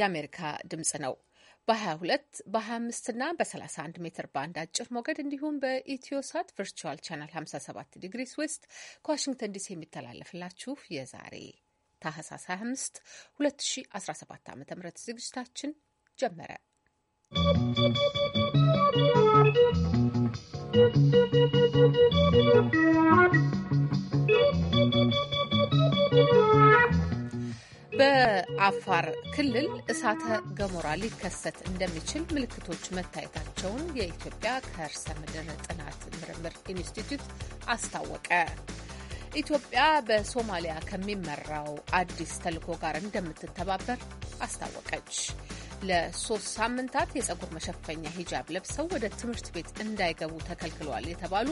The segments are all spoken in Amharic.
የአሜሪካ ድምጽ ነው። በ22 በ25 እና በ31 ሜትር ባንድ አጭር ሞገድ እንዲሁም በኢትዮሳት ቨርቹዋል ቻናል 57 ዲግሪ ስዌስት ከዋሽንግተን ዲሲ የሚተላለፍላችሁ የዛሬ ታህሳስ 25 2017 ዓ ም ዝግጅታችን ጀመረ። ¶¶ በአፋር ክልል እሳተ ገሞራ ሊከሰት እንደሚችል ምልክቶች መታየታቸውን የኢትዮጵያ ከርሰ ምድር ጥናት ምርምር ኢንስቲትዩት አስታወቀ። ኢትዮጵያ በሶማሊያ ከሚመራው አዲስ ተልዕኮ ጋር እንደምትተባበር አስታወቀች። ለሶስት ሳምንታት የጸጉር መሸፈኛ ሂጃብ ለብሰው ወደ ትምህርት ቤት እንዳይገቡ ተከልክለዋል የተባሉ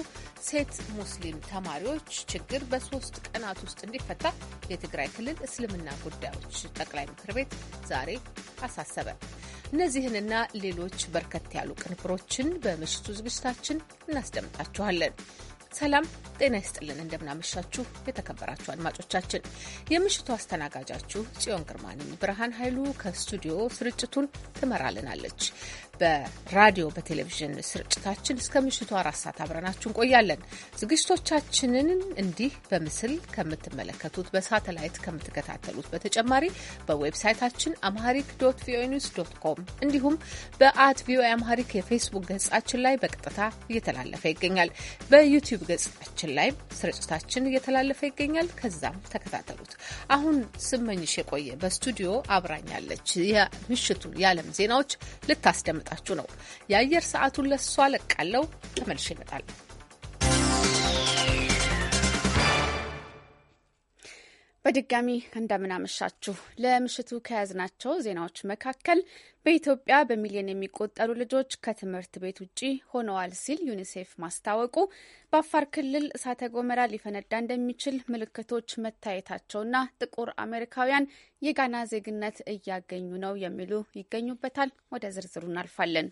ሴት ሙስሊም ተማሪዎች ችግር በሶስት ቀናት ውስጥ እንዲፈታ የትግራይ ክልል እስልምና ጉዳዮች ጠቅላይ ምክር ቤት ዛሬ አሳሰበ። እነዚህንና ሌሎች በርከት ያሉ ቅንብሮችን በምሽቱ ዝግጅታችን እናስደምጣችኋለን። ሰላም ጤና ይስጥልን። እንደምናመሻችሁ የተከበራችሁ አድማጮቻችን፣ የምሽቱ አስተናጋጃችሁ ጽዮን ግርማ ብርሃን ኃይሉ ከስቱዲዮ ስርጭቱን ትመራልናለች። በራዲዮ በቴሌቪዥን ስርጭታችን እስከ ምሽቱ አራት ሰዓት አብረናችሁ እንቆያለን። ዝግጅቶቻችንን እንዲህ በምስል ከምትመለከቱት በሳተላይት ከምትከታተሉት በተጨማሪ በዌብሳይታችን አምሃሪክ ዶት ቪኦኤ ኒውስ ዶት ኮም እንዲሁም በአት ቪኦኤ አምሃሪክ የፌስቡክ ገጻችን ላይ በቀጥታ እየተላለፈ ይገኛል። በዩቲዩብ ገጻችን ላይ ስርጭታችን እየተላለፈ ይገኛል። ከዛም ተከታተሉት። አሁን ስመኝሽ የቆየ በስቱዲዮ አብራኛለች። የምሽቱን የዓለም ዜናዎች ልታስደምጣ እየመረጣችሁ ነው። የአየር ሰዓቱን ለሷ ለቃለው ተመልሼ ይመጣል። በድጋሚ እንደምናመሻችሁ ለምሽቱ ከያዝናቸው ዜናዎች መካከል በኢትዮጵያ በሚሊዮን የሚቆጠሩ ልጆች ከትምህርት ቤት ውጪ ሆነዋል ሲል ዩኒሴፍ ማስታወቁ፣ በአፋር ክልል እሳተ ገሞራ ሊፈነዳ እንደሚችል ምልክቶች መታየታቸውና ጥቁር አሜሪካውያን የጋና ዜግነት እያገኙ ነው የሚሉ ይገኙበታል። ወደ ዝርዝሩ እናልፋለን።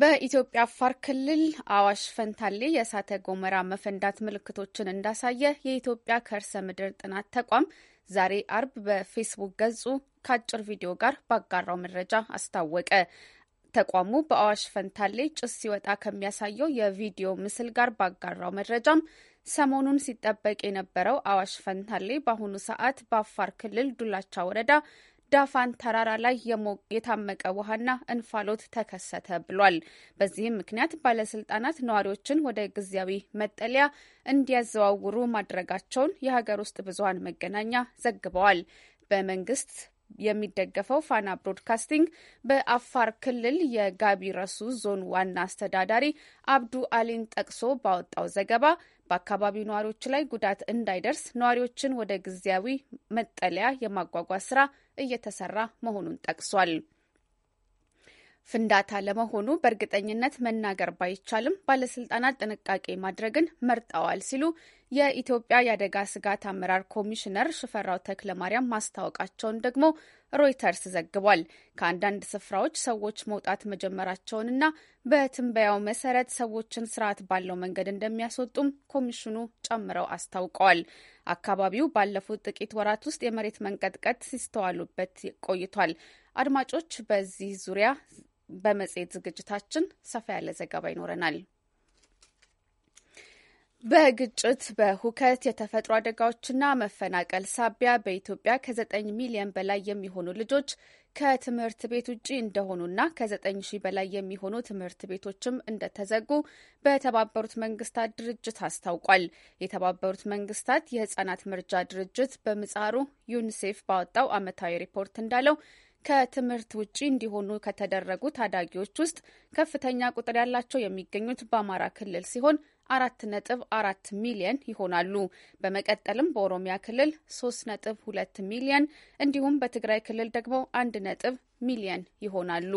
በኢትዮጵያ አፋር ክልል አዋሽ ፈንታሌ የእሳተ ገሞራ መፈንዳት ምልክቶችን እንዳሳየ የኢትዮጵያ ከርሰ ምድር ጥናት ተቋም ዛሬ አርብ በፌስቡክ ገጹ ከአጭር ቪዲዮ ጋር ባጋራው መረጃ አስታወቀ። ተቋሙ በአዋሽ ፈንታሌ ጭስ ሲወጣ ከሚያሳየው የቪዲዮ ምስል ጋር ባጋራው መረጃም ሰሞኑን ሲጠበቅ የነበረው አዋሽ ፈንታሌ በአሁኑ ሰዓት በአፋር ክልል ዱላቻ ወረዳ ዳፋን ተራራ ላይ የታመቀ ውሃና እንፋሎት ተከሰተ ብሏል። በዚህም ምክንያት ባለስልጣናት ነዋሪዎችን ወደ ጊዜያዊ መጠለያ እንዲያዘዋውሩ ማድረጋቸውን የሀገር ውስጥ ብዙሀን መገናኛ ዘግበዋል። በመንግስት የሚደገፈው ፋና ብሮድካስቲንግ በአፋር ክልል የጋቢ ረሱ ዞን ዋና አስተዳዳሪ አብዱ አሊን ጠቅሶ ባወጣው ዘገባ በአካባቢው ነዋሪዎች ላይ ጉዳት እንዳይደርስ ነዋሪዎችን ወደ ጊዜያዊ መጠለያ የማጓጓዝ ስራ እየተሰራ መሆኑን ጠቅሷል። ፍንዳታ ለመሆኑ በእርግጠኝነት መናገር ባይቻልም ባለስልጣናት ጥንቃቄ ማድረግን መርጠዋል ሲሉ የኢትዮጵያ የአደጋ ስጋት አመራር ኮሚሽነር ሽፈራው ተክለ ማርያም ማስታወቃቸውን ደግሞ ሮይተርስ ዘግቧል። ከአንዳንድ ስፍራዎች ሰዎች መውጣት መጀመራቸውንና በትንበያው መሰረት ሰዎችን ስርዓት ባለው መንገድ እንደሚያስወጡም ኮሚሽኑ ጨምረው አስታውቀዋል። አካባቢው ባለፉት ጥቂት ወራት ውስጥ የመሬት መንቀጥቀጥ ሲስተዋሉበት ቆይቷል። አድማጮች፣ በዚህ ዙሪያ በመጽሔት ዝግጅታችን ሰፋ ያለ ዘገባ ይኖረናል። በግጭት በሁከት የተፈጥሮ አደጋዎችና መፈናቀል ሳቢያ በኢትዮጵያ ከዘጠኝ ሚሊዮን በላይ የሚሆኑ ልጆች ከትምህርት ቤት ውጪ እንደሆኑና ከዘጠኝ ሺህ በላይ የሚሆኑ ትምህርት ቤቶችም እንደተዘጉ በተባበሩት መንግስታት ድርጅት አስታውቋል። የተባበሩት መንግስታት የህጻናት መርጃ ድርጅት በምጻሩ ዩኒሴፍ ባወጣው አመታዊ ሪፖርት እንዳለው ከትምህርት ውጪ እንዲሆኑ ከተደረጉ ታዳጊዎች ውስጥ ከፍተኛ ቁጥር ያላቸው የሚገኙት በአማራ ክልል ሲሆን አራት ነጥብ አራት ሚሊየን ይሆናሉ። በመቀጠልም በኦሮሚያ ክልል ሶስት ነጥብ ሁለት ሚሊየን እንዲሁም በትግራይ ክልል ደግሞ አንድ ነጥብ ሚሊየን ይሆናሉ።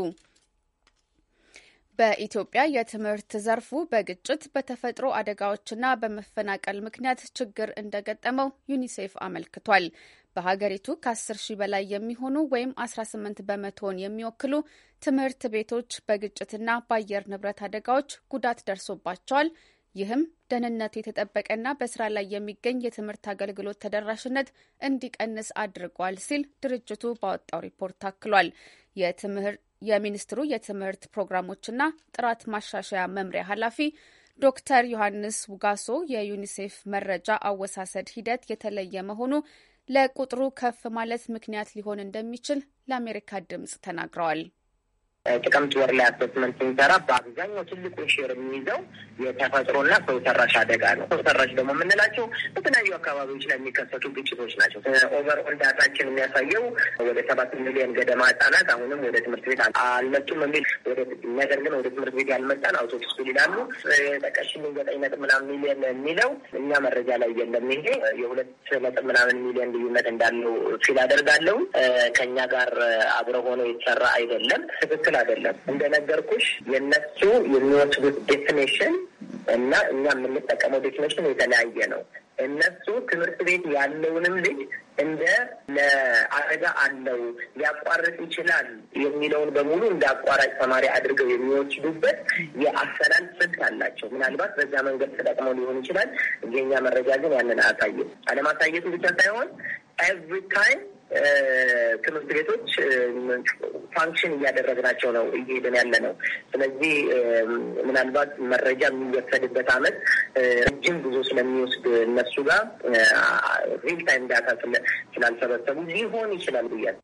በኢትዮጵያ የትምህርት ዘርፉ በግጭት በተፈጥሮ አደጋዎችና በመፈናቀል ምክንያት ችግር እንደገጠመው ዩኒሴፍ አመልክቷል። በሀገሪቱ ከ10 ሺህ በላይ የሚሆኑ ወይም 18 በመቶውን የሚወክሉ ትምህርት ቤቶች በግጭትና በአየር ንብረት አደጋዎች ጉዳት ደርሶባቸዋል። ይህም ደህንነቱ የተጠበቀና በስራ ላይ የሚገኝ የትምህርት አገልግሎት ተደራሽነት እንዲቀንስ አድርጓል ሲል ድርጅቱ ባወጣው ሪፖርት አክሏል። የሚኒስትሩ የትምህርት ፕሮግራሞችና ጥራት ማሻሻያ መምሪያ ኃላፊ ዶክተር ዮሐንስ ውጋሶ የዩኒሴፍ መረጃ አወሳሰድ ሂደት የተለየ መሆኑ ለቁጥሩ ከፍ ማለት ምክንያት ሊሆን እንደሚችል ለአሜሪካ ድምጽ ተናግረዋል። ጥቅምት ወር ላይ አሴስመንት ስንሰራ በአብዛኛው ትልቁን ሼር የሚይዘው የተፈጥሮና ሰው ሰራሽ አደጋ ነው። ሰው ሰራሽ ደግሞ የምንላቸው በተለያዩ አካባቢዎች ላይ የሚከሰቱ ግጭቶች ናቸው። ኦቨር ኦል ዳታችን የሚያሳየው ወደ ሰባት ሚሊዮን ገደማ ህጻናት አሁንም ወደ ትምህርት ቤት አልመጡም የሚል ነገር ግን ወደ ትምህርት ቤት ያልመጣን አውቶች ስል ይላሉ ጠቀሽ ዘጠኝ ነጥብ ምናምን ሚሊዮን የሚለው እኛ መረጃ ላይ የለም። ይሄ የሁለት ነጥብ ምናምን ሚሊዮን ልዩነት እንዳለው ፊል አደርጋለሁ። ከእኛ ጋር አብረ ሆኖ የተሰራ አይደለም ትክክል አይደለም። እንደነገርኩሽ የነሱ የሚወስዱት ዴፊኔሽን እና እኛ የምንጠቀመው ዴፊኔሽን የተለያየ ነው። እነሱ ትምህርት ቤት ያለውንም ልጅ እንደ ለአደጋ አለው ሊያቋርጥ ይችላል የሚለውን በሙሉ እንደ አቋራጭ ተማሪ አድርገው የሚወስዱበት የአሰላል ስልት አላቸው። ምናልባት በዛ መንገድ ተጠቅመው ሊሆን ይችላል። የኛ መረጃ ግን ያንን አያሳየም። አለማሳየቱ ብቻ ሳይሆን ኤቭሪ ታይም ትምህርት ቤቶች ፋንክሽን እያደረግናቸው ነው እየሄድን ያለ ነው። ስለዚህ ምናልባት መረጃ የሚወሰድበት አመት ረጅም ጉዞ ስለሚወስድ እነሱ ጋር ሪል ታይም ዳታ ስላልሰበሰቡ ሊሆን ይችላል ብያል።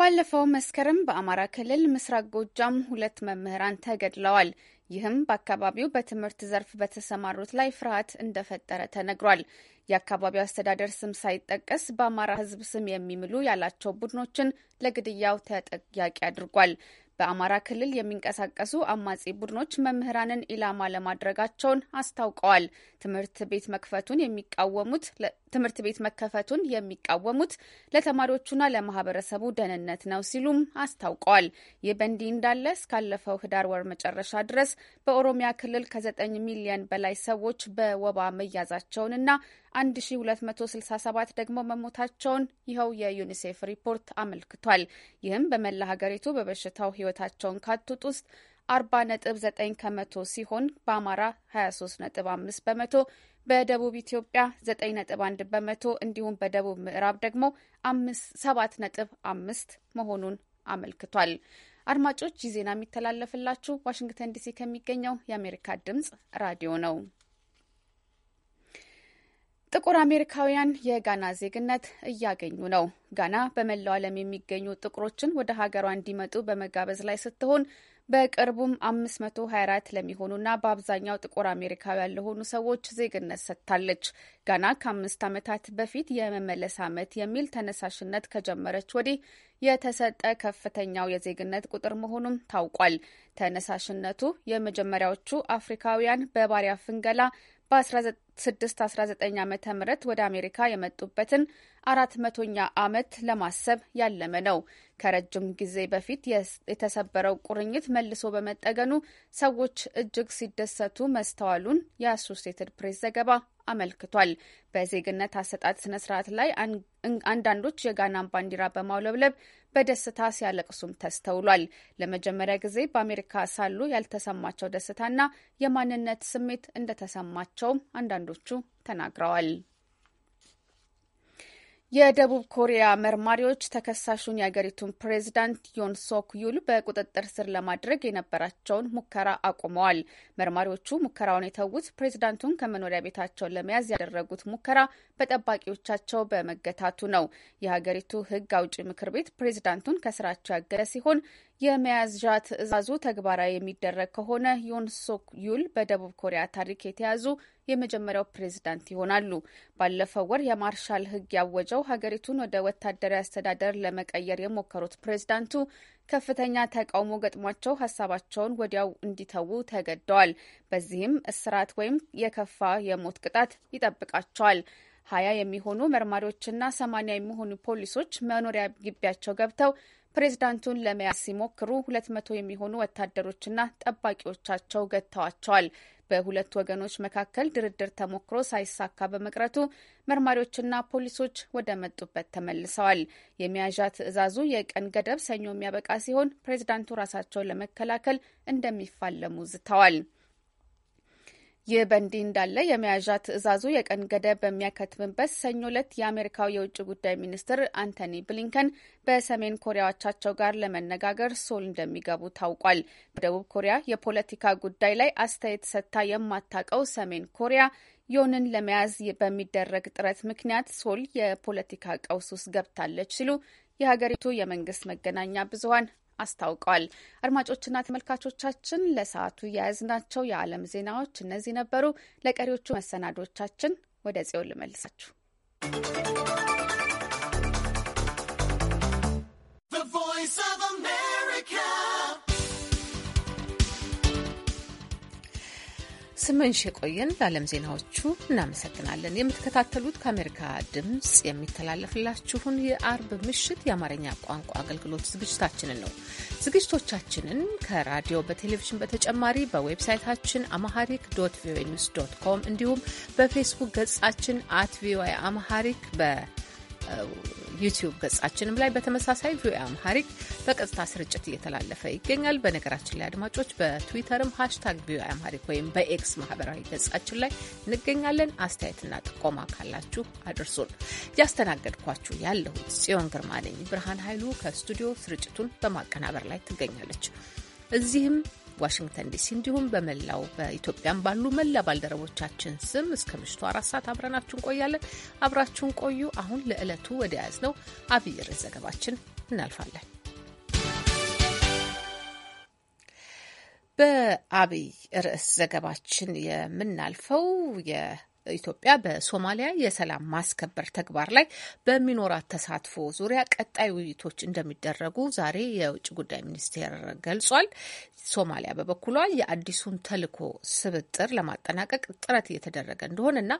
ባለፈው መስከረም በአማራ ክልል ምስራቅ ጎጃም ሁለት መምህራን ተገድለዋል። ይህም በአካባቢው በትምህርት ዘርፍ በተሰማሩት ላይ ፍርሃት እንደፈጠረ ተነግሯል። የአካባቢው አስተዳደር ስም ሳይጠቀስ በአማራ ሕዝብ ስም የሚምሉ ያላቸው ቡድኖችን ለግድያው ተጠያቂ አድርጓል። በአማራ ክልል የሚንቀሳቀሱ አማጺ ቡድኖች መምህራንን ኢላማ ለማድረጋቸውን አስታውቀዋል። ትምህርት ቤት መክፈቱን የሚቃወሙት ትምህርት ቤት መከፈቱን የሚቃወሙት ለተማሪዎቹና ለማህበረሰቡ ደህንነት ነው ሲሉም አስታውቀዋል። ይህ በእንዲህ እንዳለ እስካለፈው ህዳር ወር መጨረሻ ድረስ በኦሮሚያ ክልል ከ9 ሚሊዮን በላይ ሰዎች በወባ መያዛቸውንና 1267 ደግሞ መሞታቸውን ይኸው የዩኒሴፍ ሪፖርት አመልክቷል። ይህም በመላ ሀገሪቱ በበሽታው ህይወታቸውን ካጡት ውስጥ 40.9 ከመቶ ሲሆን በአማራ 23.5 በመቶ በደቡብ ኢትዮጵያ 9.1 በመቶ እንዲሁም በደቡብ ምዕራብ ደግሞ 7.5 መሆኑን አመልክቷል። አድማጮች ይህ ዜና የሚተላለፍላችሁ ዋሽንግተን ዲሲ ከሚገኘው የአሜሪካ ድምጽ ራዲዮ ነው። ጥቁር አሜሪካውያን የጋና ዜግነት እያገኙ ነው። ጋና በመላው ዓለም የሚገኙ ጥቁሮችን ወደ ሀገሯ እንዲመጡ በመጋበዝ ላይ ስትሆን በቅርቡም 524 ለሚሆኑና በአብዛኛው ጥቁር አሜሪካውያን ለሆኑ ሰዎች ዜግነት ሰጥታለች። ጋና ከአምስት ዓመታት በፊት የመመለስ ዓመት የሚል ተነሳሽነት ከጀመረች ወዲህ የተሰጠ ከፍተኛው የዜግነት ቁጥር መሆኑም ታውቋል። ተነሳሽነቱ የመጀመሪያዎቹ አፍሪካውያን በባሪያ ፍንገላ 6 ዓ ም ወደ አሜሪካ የመጡበትን አራት መቶኛ ዓመት ለማሰብ ያለመ ነው። ከረጅም ጊዜ በፊት የተሰበረው ቁርኝት መልሶ በመጠገኑ ሰዎች እጅግ ሲደሰቱ መስተዋሉን የአሶሴትድ ፕሬስ ዘገባ አመልክቷል። በዜግነት አሰጣጥ ስነ ስርዓት ላይ አንዳንዶች የጋናን ባንዲራ በማውለብለብ በደስታ ሲያለቅሱም ተስተውሏል። ለመጀመሪያ ጊዜ በአሜሪካ ሳሉ ያልተሰማቸው ደስታና የማንነት ስሜት እንደተሰማቸውም አንዳንዶቹ ተናግረዋል። የደቡብ ኮሪያ መርማሪዎች ተከሳሹን የአገሪቱን ፕሬዚዳንት ዮን ሶክ ዩል በቁጥጥር ስር ለማድረግ የነበራቸውን ሙከራ አቁመዋል። መርማሪዎቹ ሙከራውን የተዉት ፕሬዚዳንቱን ከመኖሪያ ቤታቸው ለመያዝ ያደረጉት ሙከራ በጠባቂዎቻቸው በመገታቱ ነው። የሀገሪቱ ሕግ አውጪ ምክር ቤት ፕሬዚዳንቱን ከስራቸው ያገደ ሲሆን የመያዣ ትዕዛዙ ተግባራዊ የሚደረግ ከሆነ ዮን ሶክ ዩል በደቡብ ኮሪያ ታሪክ የተያዙ የመጀመሪያው ፕሬዝዳንት ይሆናሉ። ባለፈው ወር የማርሻል ሕግ ያወጀው ሀገሪቱን ወደ ወታደራዊ አስተዳደር ለመቀየር የሞከሩት ፕሬዝዳንቱ ከፍተኛ ተቃውሞ ገጥሟቸው ሀሳባቸውን ወዲያው እንዲተዉ ተገደዋል። በዚህም እስራት ወይም የከፋ የሞት ቅጣት ይጠብቃቸዋል። ሀያ የሚሆኑ መርማሪዎችና ሰማኒያ የሚሆኑ ፖሊሶች መኖሪያ ግቢያቸው ገብተው ፕሬዚዳንቱን ለመያዝ ሲሞክሩ ሁለት መቶ የሚሆኑ ወታደሮችና ጠባቂዎቻቸው ገጥተዋቸዋል። በሁለት ወገኖች መካከል ድርድር ተሞክሮ ሳይሳካ በመቅረቱ መርማሪዎችና ፖሊሶች ወደ መጡበት ተመልሰዋል። የሚያዣ ትዕዛዙ የቀን ገደብ ሰኞ የሚያበቃ ሲሆን ፕሬዝዳንቱ ራሳቸውን ለመከላከል እንደሚፋለሙ ዝተዋል። ይህ በእንዲህ እንዳለ የመያዣ ትዕዛዙ የቀን ገደብ በሚያከትምበት ሰኞ ዕለት የአሜሪካው የውጭ ጉዳይ ሚኒስትር አንቶኒ ብሊንከን በሰሜን ኮሪያዎቻቸው ጋር ለመነጋገር ሶል እንደሚገቡ ታውቋል። በደቡብ ኮሪያ የፖለቲካ ጉዳይ ላይ አስተያየት ሰጥታ የማታውቀው ሰሜን ኮሪያ ዮንን ለመያዝ በሚደረግ ጥረት ምክንያት ሶል የፖለቲካ ቀውስ ውስጥ ገብታለች ሲሉ የሀገሪቱ የመንግስት መገናኛ ብዙኃን አስታውቀዋል። አድማጮችና ተመልካቾቻችን ለሰዓቱ የያዝናቸው የዓለም ዜናዎች እነዚህ ነበሩ። ለቀሪዎቹ መሰናዶቻችን ወደ ጽዮን ልመልሳችሁ። ስመኝሽ የቆየን ለዓለም ዜናዎቹ እናመሰግናለን። የምትከታተሉት ከአሜሪካ ድምፅ የሚተላለፍላችሁን የአርብ ምሽት የአማርኛ ቋንቋ አገልግሎት ዝግጅታችንን ነው። ዝግጅቶቻችንን ከራዲዮ በቴሌቪዥን በተጨማሪ በዌብሳይታችን አማሃሪክ ዶት ቪኦኤ ኒውስ ዶት ኮም እንዲሁም በፌስቡክ ገጻችን አት ቪኦኤ አማሃሪክ በ ዩቲዩብ ገጻችንም ላይ በተመሳሳይ ቪኦኤ አምሃሪክ በቀጥታ ስርጭት እየተላለፈ ይገኛል። በነገራችን ላይ አድማጮች በትዊተርም ሃሽታግ ቪኦኤ አምሃሪክ ወይም በኤክስ ማህበራዊ ገጻችን ላይ እንገኛለን። አስተያየትና ጥቆማ ካላችሁ አድርሱን። እያስተናገድኳችሁ ያለሁት ጽዮን ግርማ ነኝ። ብርሃን ኃይሉ ከስቱዲዮ ስርጭቱን በማቀናበር ላይ ትገኛለች። እዚህም ዋሽንግተን ዲሲ እንዲሁም በመላው በኢትዮጵያም ባሉ መላ ባልደረቦቻችን ስም እስከ ምሽቱ አራት ሰዓት አብረናችሁ እንቆያለን። አብራችሁን ቆዩ። አሁን ለዕለቱ ወደ ያዝ ነው አብይ ርዕስ ዘገባችን እናልፋለን። በአብይ ርዕስ ዘገባችን የምናልፈው ኢትዮጵያ በሶማሊያ የሰላም ማስከበር ተግባር ላይ በሚኖራት ተሳትፎ ዙሪያ ቀጣይ ውይይቶች እንደሚደረጉ ዛሬ የውጭ ጉዳይ ሚኒስቴር ገልጿል። ሶማሊያ በበኩሏ የአዲሱን ተልዕኮ ስብጥር ለማጠናቀቅ ጥረት እየተደረገ እንደሆነና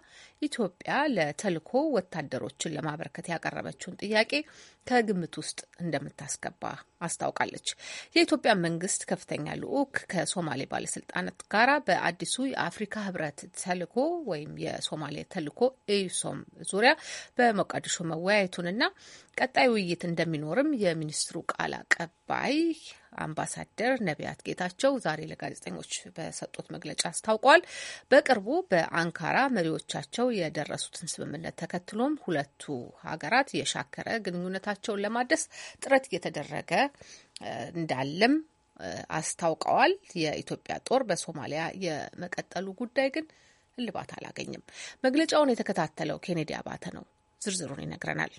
ኢትዮጵያ ለተልዕኮ ወታደሮችን ለማበረከት ያቀረበችውን ጥያቄ ከግምት ውስጥ እንደምታስገባ አስታውቃለች። የኢትዮጵያ መንግስት ከፍተኛ ልዑክ ከሶማሌ ባለስልጣናት ጋራ በአዲሱ የአፍሪካ ህብረት ተልዕኮ ወይም የሶማሌ ተልዕኮ ኢዩሶም ዙሪያ በሞቃዲሾ መወያየቱንና ቀጣይ ውይይት እንደሚኖርም የሚኒስትሩ ቃል አቀባይ አምባሳደር ነቢያት ጌታቸው ዛሬ ለጋዜጠኞች በሰጡት መግለጫ አስታውቋል። በቅርቡ በአንካራ መሪዎቻቸው የደረሱትን ስምምነት ተከትሎም ሁለቱ ሀገራት የሻከረ ግንኙነታቸውን ለማደስ ጥረት እየተደረገ እንዳለም አስታውቀዋል። የኢትዮጵያ ጦር በሶማሊያ የመቀጠሉ ጉዳይ ግን እልባት አላገኝም። መግለጫውን የተከታተለው ኬኔዲ አባተ ነው፣ ዝርዝሩን ይነግረናል።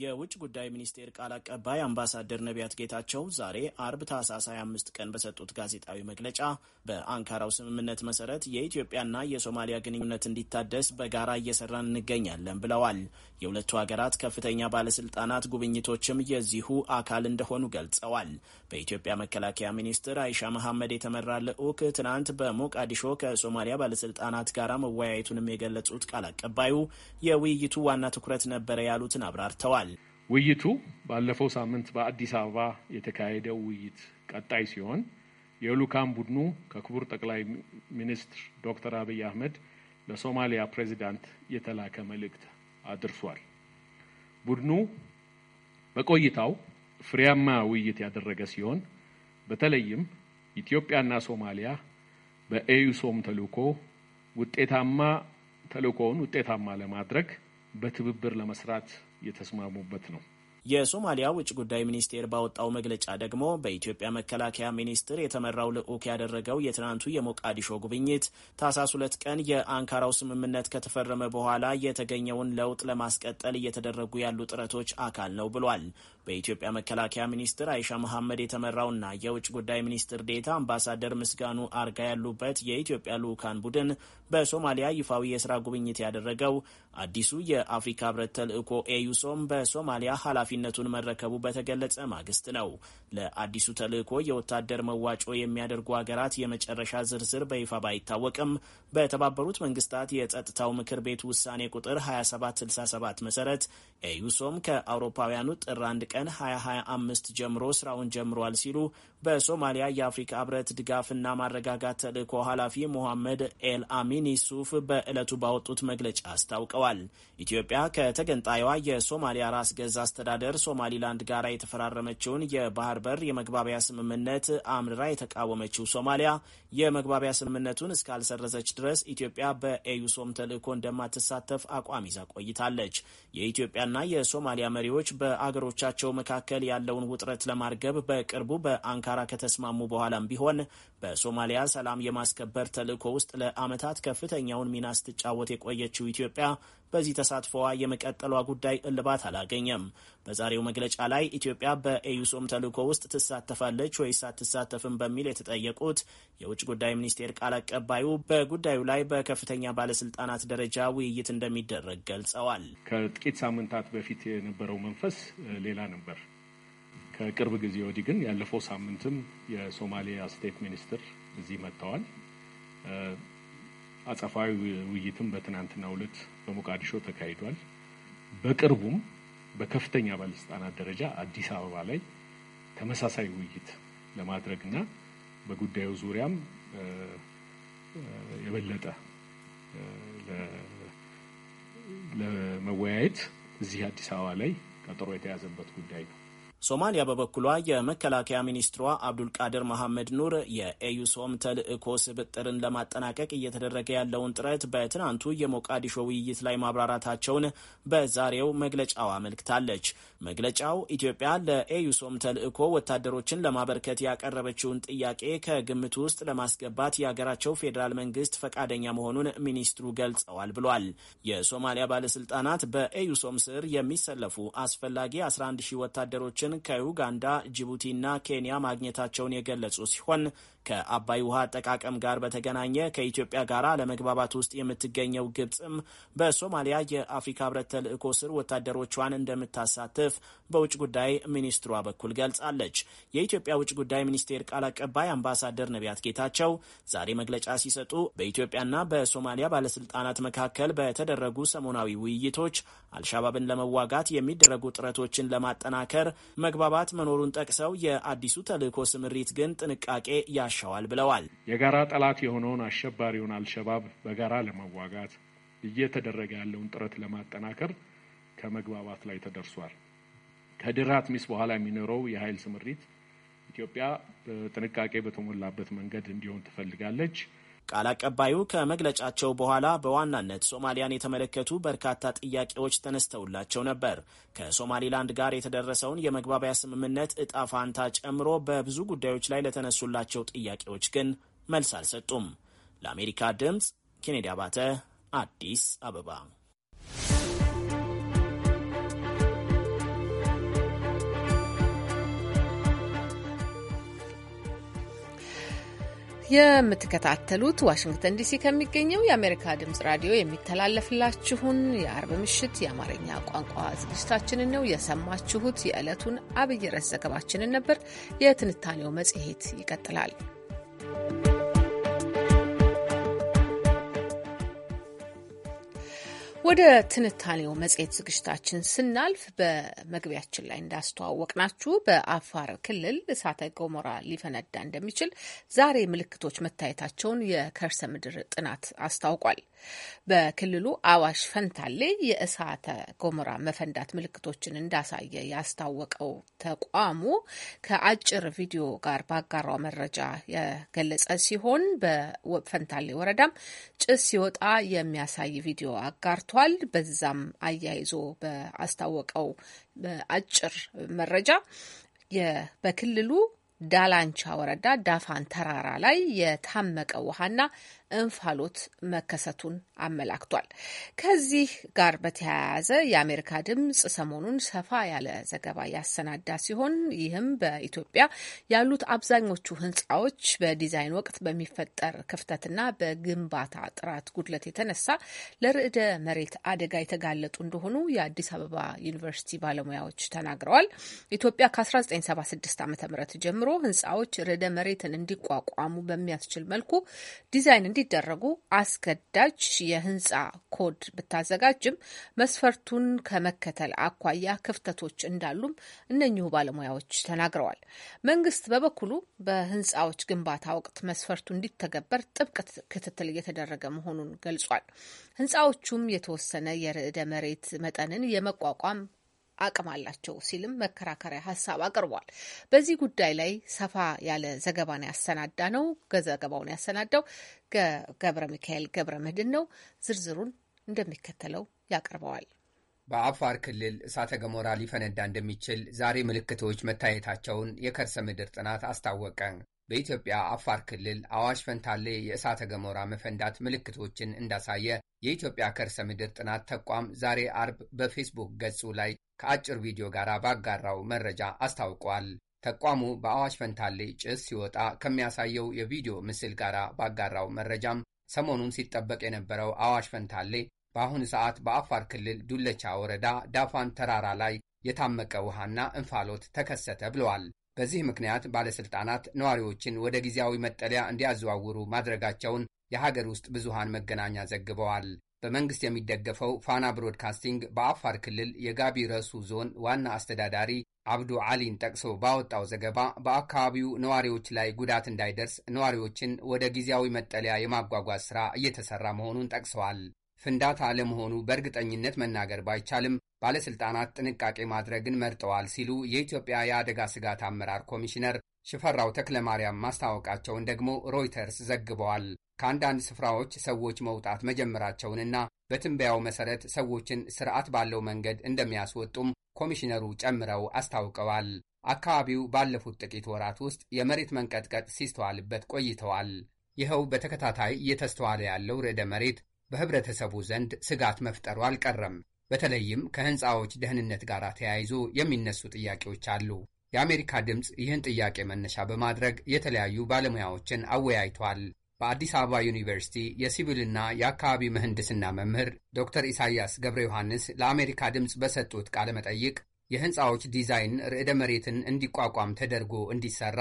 የውጭ ጉዳይ ሚኒስቴር ቃል አቀባይ አምባሳደር ነቢያት ጌታቸው ዛሬ አርብ ታህሳስ 25 ቀን በሰጡት ጋዜጣዊ መግለጫ በአንካራው ስምምነት መሰረት የኢትዮጵያና የሶማሊያ ግንኙነት እንዲታደስ በጋራ እየሰራን እንገኛለን ብለዋል። የሁለቱ ሀገራት ከፍተኛ ባለስልጣናት ጉብኝቶችም የዚሁ አካል እንደሆኑ ገልጸዋል። በኢትዮጵያ መከላከያ ሚኒስትር አይሻ መሐመድ የተመራ ልዑክ ትናንት በሞቃዲሾ ከሶማሊያ ባለስልጣናት ጋር መወያየቱንም የገለጹት ቃል አቀባዩ የውይይቱ ዋና ትኩረት ነበረ ያሉትን አብራርተዋል። ውይይቱ ባለፈው ሳምንት በአዲስ አበባ የተካሄደው ውይይት ቀጣይ ሲሆን የልኡካን ቡድኑ ከክቡር ጠቅላይ ሚኒስትር ዶክተር አብይ አህመድ ለሶማሊያ ፕሬዚዳንት የተላከ መልእክት አድርሷል። ቡድኑ በቆይታው ፍሬያማ ውይይት ያደረገ ሲሆን በተለይም ኢትዮጵያና ሶማሊያ በኤዩሶም ተልእኮ ውጤታማ ተልእኮውን ውጤታማ ለማድረግ በትብብር ለመስራት የተስማሙበት ነው። የሶማሊያ ውጭ ጉዳይ ሚኒስቴር ባወጣው መግለጫ ደግሞ በኢትዮጵያ መከላከያ ሚኒስትር የተመራው ልዑክ ያደረገው የትናንቱ የሞቃዲሾ ጉብኝት ታህሳስ ሁለት ቀን የአንካራው ስምምነት ከተፈረመ በኋላ የተገኘውን ለውጥ ለማስቀጠል እየተደረጉ ያሉ ጥረቶች አካል ነው ብሏል። በኢትዮጵያ መከላከያ ሚኒስትር አይሻ መሐመድ የተመራውና የውጭ ጉዳይ ሚኒስትር ዴታ አምባሳደር ምስጋኑ አርጋ ያሉበት የኢትዮጵያ ልዑካን ቡድን በሶማሊያ ይፋዊ የስራ ጉብኝት ያደረገው አዲሱ የአፍሪካ ህብረት ተልዕኮ ኤዩሶም በሶማሊያ ኃላፊነቱን መረከቡ በተገለጸ ማግስት ነው። ለአዲሱ ተልዕኮ የወታደር መዋጮ የሚያደርጉ ሀገራት የመጨረሻ ዝርዝር በይፋ ባይታወቅም በተባበሩት መንግስታት የጸጥታው ምክር ቤት ውሳኔ ቁጥር 2767 መሰረት ኤዩሶም ከአውሮፓውያኑ ጥር አንድ ቀን ቀን 2025 ጀምሮ ስራውን ጀምሯል ሲሉ በሶማሊያ የአፍሪካ ህብረት ድጋፍና ማረጋጋት ተልእኮ ኃላፊ ሞሐመድ ኤል አሚን ሱፍ በዕለቱ ባወጡት መግለጫ አስታውቀዋል። ኢትዮጵያ ከተገንጣዩዋ የሶማሊያ ራስ ገዝ አስተዳደር ሶማሊላንድ ጋር የተፈራረመችውን የባህር በር የመግባቢያ ስምምነት አምርራ የተቃወመችው ሶማሊያ የመግባቢያ ስምምነቱን እስካልሰረዘች ድረስ ኢትዮጵያ በኤዩሶም ተልእኮ እንደማትሳተፍ አቋም ይዛ ቆይታለች። የኢትዮጵያና የሶማሊያ መሪዎች በአገሮቻቸው መካከል ያለውን ውጥረት ለማርገብ በቅርቡ በአንካ በአንካራ ከተስማሙ በኋላም ቢሆን በሶማሊያ ሰላም የማስከበር ተልዕኮ ውስጥ ለአመታት ከፍተኛውን ሚና ስትጫወት የቆየችው ኢትዮጵያ በዚህ ተሳትፎዋ የመቀጠሏ ጉዳይ እልባት አላገኘም። በዛሬው መግለጫ ላይ ኢትዮጵያ በኤዩሶም ተልዕኮ ውስጥ ትሳተፋለች ወይስ አትሳተፍም በሚል የተጠየቁት የውጭ ጉዳይ ሚኒስቴር ቃል አቀባዩ በጉዳዩ ላይ በከፍተኛ ባለስልጣናት ደረጃ ውይይት እንደሚደረግ ገልጸዋል። ከጥቂት ሳምንታት በፊት የነበረው መንፈስ ሌላ ነበር። ከቅርብ ጊዜ ወዲህ ግን ያለፈው ሳምንትም የሶማሊያ ስቴት ሚኒስትር እዚህ መጥተዋል። አጸፋዊ ውይይትም በትናንትናው ዕለት በሞቃዲሾ ተካሂዷል። በቅርቡም በከፍተኛ ባለስልጣናት ደረጃ አዲስ አበባ ላይ ተመሳሳይ ውይይት ለማድረግ ና በጉዳዩ ዙሪያም የበለጠ ለመወያየት እዚህ አዲስ አበባ ላይ ቀጠሮ የተያዘበት ጉዳይ ነው። ሶማሊያ በበኩሏ የመከላከያ ሚኒስትሯ አብዱልቃድር መሐመድ ኑር የኤዩሶም ተልእኮ ስብጥርን ለማጠናቀቅ እየተደረገ ያለውን ጥረት በትናንቱ የሞቃዲሾ ውይይት ላይ ማብራራታቸውን በዛሬው መግለጫው አመልክታለች። መግለጫው ኢትዮጵያ ለኤዩሶም ተልእኮ ወታደሮችን ለማበርከት ያቀረበችውን ጥያቄ ከግምት ውስጥ ለማስገባት የሀገራቸው ፌዴራል መንግስት ፈቃደኛ መሆኑን ሚኒስትሩ ገልጸዋል ብሏል። የሶማሊያ ባለስልጣናት በኤዩሶም ስር የሚሰለፉ አስፈላጊ 11 ሺህ ወታደሮችን ከዩጋንዳ፣ ጅቡቲና ኬንያ ማግኘታቸውን የገለጹ ሲሆን ከአባይ ውሃ አጠቃቀም ጋር በተገናኘ ከኢትዮጵያ ጋር ለመግባባት ውስጥ የምትገኘው ግብፅም በሶማሊያ የአፍሪካ ህብረት ተልእኮ ስር ወታደሮቿን እንደምታሳትፍ በውጭ ጉዳይ ሚኒስትሯ በኩል ገልጻለች። የኢትዮጵያ ውጭ ጉዳይ ሚኒስቴር ቃል አቀባይ አምባሳደር ነቢያት ጌታቸው ዛሬ መግለጫ ሲሰጡ በኢትዮጵያና በሶማሊያ ባለስልጣናት መካከል በተደረጉ ሰሞናዊ ውይይቶች አልሻባብን ለመዋጋት የሚደረጉ ጥረቶችን ለማጠናከር መግባባት መኖሩን ጠቅሰው የአዲሱ ተልእኮ ስምሪት ግን ጥንቃቄ ያ ይሻሻዋል ብለዋል። የጋራ ጠላት የሆነውን አሸባሪውን አልሸባብ በጋራ ለመዋጋት እየተደረገ ያለውን ጥረት ለማጠናከር ከመግባባት ላይ ተደርሷል። ከድራት ሚስ በኋላ የሚኖረው የኃይል ስምሪት ኢትዮጵያ በጥንቃቄ በተሞላበት መንገድ እንዲሆን ትፈልጋለች። ቃል አቀባዩ ከመግለጫቸው በኋላ በዋናነት ሶማሊያን የተመለከቱ በርካታ ጥያቄዎች ተነስተውላቸው ነበር። ከሶማሊላንድ ጋር የተደረሰውን የመግባቢያ ስምምነት እጣ ፋንታ ጨምሮ በብዙ ጉዳዮች ላይ ለተነሱላቸው ጥያቄዎች ግን መልስ አልሰጡም። ለአሜሪካ ድምፅ ኬኔዲ አባተ አዲስ አበባ የምትከታተሉት ዋሽንግተን ዲሲ ከሚገኘው የአሜሪካ ድምጽ ራዲዮ የሚተላለፍላችሁን የአርብ ምሽት የአማርኛ ቋንቋ ዝግጅታችንን ነው የሰማችሁት። የዕለቱን አብይ ርዕስ ዘገባችንን ነበር። የትንታኔው መጽሔት ይቀጥላል። ወደ ትንታኔው መጽሔት ዝግጅታችን ስናልፍ በመግቢያችን ላይ እንዳስተዋወቅናችሁ በአፋር ክልል እሳተ ገሞራ ሊፈነዳ እንደሚችል ዛሬ ምልክቶች መታየታቸውን የከርሰ ምድር ጥናት አስታውቋል። በክልሉ አዋሽ ፈንታሌ የእሳተ ገሞራ መፈንዳት ምልክቶችን እንዳሳየ ያስታወቀው ተቋሙ ከአጭር ቪዲዮ ጋር ባጋራው መረጃ የገለጸ ሲሆን በፈንታሌ ወረዳም ጭስ ሲወጣ የሚያሳይ ቪዲዮ አጋርቶ መጥቷል። በዛም አያይዞ በአስታወቀው አጭር መረጃ በክልሉ ዳላንቻ ወረዳ ዳፋን ተራራ ላይ የታመቀ ውሃና እንፋሎት መከሰቱን አመላክቷል። ከዚህ ጋር በተያያዘ የአሜሪካ ድምጽ ሰሞኑን ሰፋ ያለ ዘገባ ያሰናዳ ሲሆን ይህም በኢትዮጵያ ያሉት አብዛኞቹ ህንፃዎች በዲዛይን ወቅት በሚፈጠር ክፍተትና በግንባታ ጥራት ጉድለት የተነሳ ለርዕደ መሬት አደጋ የተጋለጡ እንደሆኑ የአዲስ አበባ ዩኒቨርሲቲ ባለሙያዎች ተናግረዋል። ኢትዮጵያ ከ1976 ዓ ም ጀምሮ ህንፃዎች ርዕደ መሬትን እንዲቋቋሙ በሚያስችል መልኩ ዲዛይን እንዲደረጉ አስገዳጅ የህንፃ ኮድ ብታዘጋጅም መስፈርቱን ከመከተል አኳያ ክፍተቶች እንዳሉም እነኚሁ ባለሙያዎች ተናግረዋል። መንግስት በበኩሉ በህንፃዎች ግንባታ ወቅት መስፈርቱ እንዲተገበር ጥብቅ ክትትል እየተደረገ መሆኑን ገልጿል። ህንፃዎቹም የተወሰነ የርዕደ መሬት መጠንን የመቋቋም አቅም አላቸው ሲልም መከራከሪያ ሀሳብ አቅርቧል። በዚህ ጉዳይ ላይ ሰፋ ያለ ዘገባን ያሰናዳ ነው ዘገባውን ያሰናዳው ገብረ ሚካኤል ገብረ መድን ነው። ዝርዝሩን እንደሚከተለው ያቀርበዋል። በአፋር ክልል እሳተ ገሞራ ሊፈነዳ እንደሚችል ዛሬ ምልክቶች መታየታቸውን የከርሰ ምድር ጥናት አስታወቀ። በኢትዮጵያ አፋር ክልል አዋሽ ፈንታሌ የእሳተ ገሞራ መፈንዳት ምልክቶችን እንዳሳየ የኢትዮጵያ ከርሰ ምድር ጥናት ተቋም ዛሬ አርብ በፌስቡክ ገጹ ላይ ከአጭር ቪዲዮ ጋር ባጋራው መረጃ አስታውቋል። ተቋሙ በአዋሽ ፈንታሌ ጭስ ሲወጣ ከሚያሳየው የቪዲዮ ምስል ጋር ባጋራው መረጃም ሰሞኑን ሲጠበቅ የነበረው አዋሽ ፈንታሌ በአሁኑ ሰዓት በአፋር ክልል ዱለቻ ወረዳ ዳፋን ተራራ ላይ የታመቀ ውሃና እንፋሎት ተከሰተ ብለዋል። በዚህ ምክንያት ባለሥልጣናት ነዋሪዎችን ወደ ጊዜያዊ መጠለያ እንዲያዘዋውሩ ማድረጋቸውን የሀገር ውስጥ ብዙሃን መገናኛ ዘግበዋል። በመንግስት የሚደገፈው ፋና ብሮድካስቲንግ በአፋር ክልል የጋቢ ረሱ ዞን ዋና አስተዳዳሪ አብዱ አሊን ጠቅሶ ባወጣው ዘገባ በአካባቢው ነዋሪዎች ላይ ጉዳት እንዳይደርስ ነዋሪዎችን ወደ ጊዜያዊ መጠለያ የማጓጓዝ ሥራ እየተሠራ መሆኑን ጠቅሰዋል። ፍንዳታ ለመሆኑ በእርግጠኝነት መናገር ባይቻልም ባለሥልጣናት ጥንቃቄ ማድረግን መርጠዋል ሲሉ የኢትዮጵያ የአደጋ ስጋት አመራር ኮሚሽነር ሽፈራው ተክለማርያም ማስታወቃቸውን ደግሞ ሮይተርስ ዘግበዋል። ከአንዳንድ ስፍራዎች ሰዎች መውጣት መጀመራቸውንና በትንበያው መሰረት ሰዎችን ስርዓት ባለው መንገድ እንደሚያስወጡም ኮሚሽነሩ ጨምረው አስታውቀዋል። አካባቢው ባለፉት ጥቂት ወራት ውስጥ የመሬት መንቀጥቀጥ ሲስተዋልበት ቆይተዋል። ይኸው በተከታታይ እየተስተዋለ ያለው ርዕደ መሬት በህብረተሰቡ ዘንድ ስጋት መፍጠሩ አልቀረም። በተለይም ከህንፃዎች ደህንነት ጋር ተያይዞ የሚነሱ ጥያቄዎች አሉ። የአሜሪካ ድምፅ ይህን ጥያቄ መነሻ በማድረግ የተለያዩ ባለሙያዎችን አወያይቷል። በአዲስ አበባ ዩኒቨርሲቲ የሲቪልና የአካባቢ ምህንድስና መምህር ዶክተር ኢሳያስ ገብረ ዮሐንስ ለአሜሪካ ድምፅ በሰጡት ቃለ መጠይቅ የህንፃዎች ዲዛይን ርዕደ መሬትን እንዲቋቋም ተደርጎ እንዲሰራ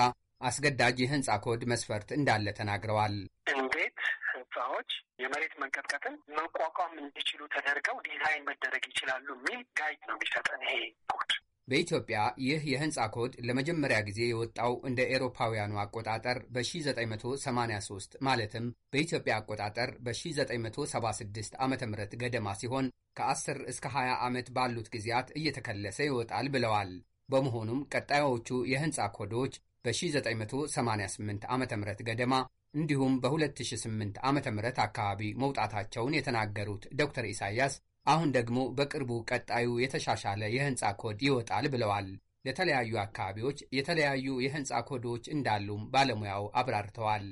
አስገዳጅ የህንፃ ኮድ መስፈርት እንዳለ ተናግረዋል። እንዴት ህንፃዎች የመሬት መንቀጥቀጥን መቋቋም እንዲችሉ ተደርገው ዲዛይን መደረግ ይችላሉ የሚል ጋይድ ነው የሚሰጠን ይሄ ኮድ። በኢትዮጵያ ይህ የህንፃ ኮድ ለመጀመሪያ ጊዜ የወጣው እንደ ኤሮፓውያኑ አቆጣጠር በ1983 ማለትም በኢትዮጵያ አቆጣጠር በ1976 ዓ ም ገደማ ሲሆን ከ10 እስከ 20 ዓመት ባሉት ጊዜያት እየተከለሰ ይወጣል ብለዋል። በመሆኑም ቀጣዮቹ የህንፃ ኮዶች በ1988 ዓ ም ገደማ እንዲሁም በ2008 ዓ ም አካባቢ መውጣታቸውን የተናገሩት ዶክተር ኢሳያስ አሁን ደግሞ በቅርቡ ቀጣዩ የተሻሻለ የህንፃ ኮድ ይወጣል ብለዋል። ለተለያዩ አካባቢዎች የተለያዩ የህንፃ ኮዶች እንዳሉም ባለሙያው አብራርተዋል።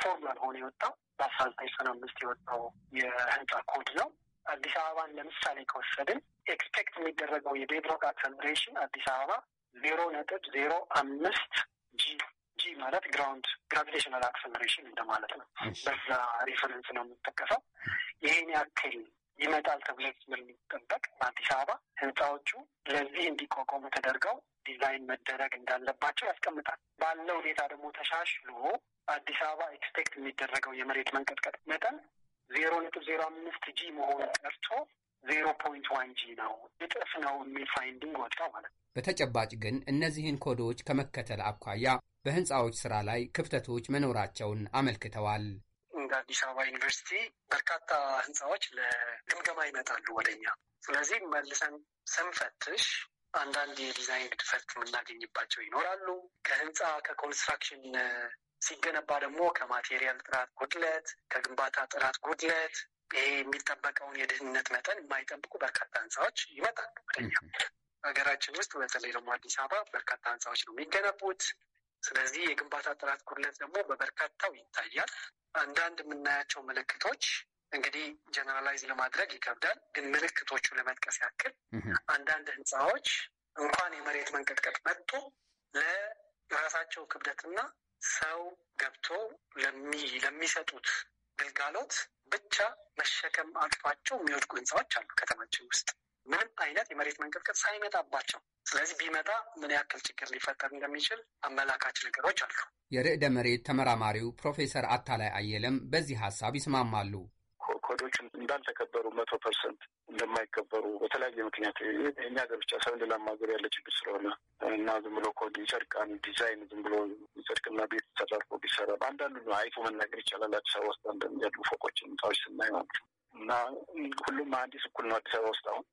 ፎርማል ሆነ የወጣው በአስራ ዘጠኝ ሰባ አምስት የወጣው የህንፃ ኮድ ነው። አዲስ አበባን ለምሳሌ ከወሰድን ኤክስፔክት የሚደረገው የቤድሮክ አክሰለሬሽን አዲስ አበባ ዜሮ ነጥብ ዜሮ አምስት ጂ ጂ ማለት ግራውንድ ግራቪቴሽናል አክሰለሬሽን እንደማለት ነው። በዛ ሪፈረንስ ነው የምጠቀሰው ይህን ያክል ይመጣል ተብሎ ስለሚጠበቅ በአዲስ አበባ ህንፃዎቹ ለዚህ እንዲቋቋሙ ተደርገው ዲዛይን መደረግ እንዳለባቸው ያስቀምጣል። ባለው ሁኔታ ደግሞ ተሻሽሎ አዲስ አበባ ኤክስፔክት የሚደረገው የመሬት መንቀጥቀጥ መጠን ዜሮ ነጥብ ዜሮ አምስት ጂ መሆኑ ቀርቶ ዜሮ ፖይንት ዋን ጂ ነው፣ እጥፍ ነው የሚል ፋይንዲንግ ወጣ ማለት ነው። በተጨባጭ ግን እነዚህን ኮዶች ከመከተል አኳያ በህንፃዎች ስራ ላይ ክፍተቶች መኖራቸውን አመልክተዋል። እንደ አዲስ አበባ ዩኒቨርሲቲ በርካታ ህንፃዎች ለግምገማ ይመጣሉ ወደኛ። ስለዚህ መልሰን ስንፈትሽ አንዳንድ የዲዛይን ግድፈት የምናገኝባቸው ይኖራሉ። ከህንፃ ከኮንስትራክሽን ሲገነባ ደግሞ ከማቴሪያል ጥራት ጉድለት፣ ከግንባታ ጥራት ጉድለት ይሄ የሚጠበቀውን የድህንነት መጠን የማይጠብቁ በርካታ ህንፃዎች ይመጣሉ ወደኛ። ሀገራችን ውስጥ በተለይ ደግሞ አዲስ አበባ በርካታ ህንፃዎች ነው የሚገነቡት። ስለዚህ የግንባታ ጥራት ጉድለት ደግሞ በበርካታው ይታያል። አንዳንድ የምናያቸው ምልክቶች እንግዲህ ጀነራላይዝ ለማድረግ ይከብዳል፣ ግን ምልክቶቹ ለመጥቀስ ያክል አንዳንድ ህንፃዎች እንኳን የመሬት መንቀጥቀጥ መጥቶ ለራሳቸው ክብደትና ሰው ገብቶ ለሚሰጡት ግልጋሎት ብቻ መሸከም አቅቷቸው የሚወድቁ ህንፃዎች አሉ ከተማችን ውስጥ። ምንም አይነት የመሬት መንቀጥቀጥ ሳይመጣባቸው ስለዚህ ቢመጣ ምን ያክል ችግር ሊፈጠር እንደሚችል አመላካች ነገሮች አሉ። የርዕደ መሬት ተመራማሪው ፕሮፌሰር አታላይ አየለም በዚህ ሀሳብ ይስማማሉ። ኮዶች እንዳልተከበሩ መቶ ፐርሰንት እንደማይከበሩ በተለያየ ምክንያት የእኛ ሀገር ብቻ ሳይሆን ሌላም ሀገር ያለ ችግር ስለሆነ እና ዝም ብሎ ኮድ ይጨርቃን ዲዛይን ዝም ብሎ ይጨርቅና ቤት ተጠርፎ ቢሰራ ይሰራል። አንዳንዱ አይቶ መናገር ይቻላል። አዲስ አበባ ውስጥ አንዳንድ ያሉ ፎቆችን ህንፃዎች ስናይ ማለት ነው እና ሁሉም መሀንዲስ እኩል ነው አዲስ አበባ ውስጥ አሁን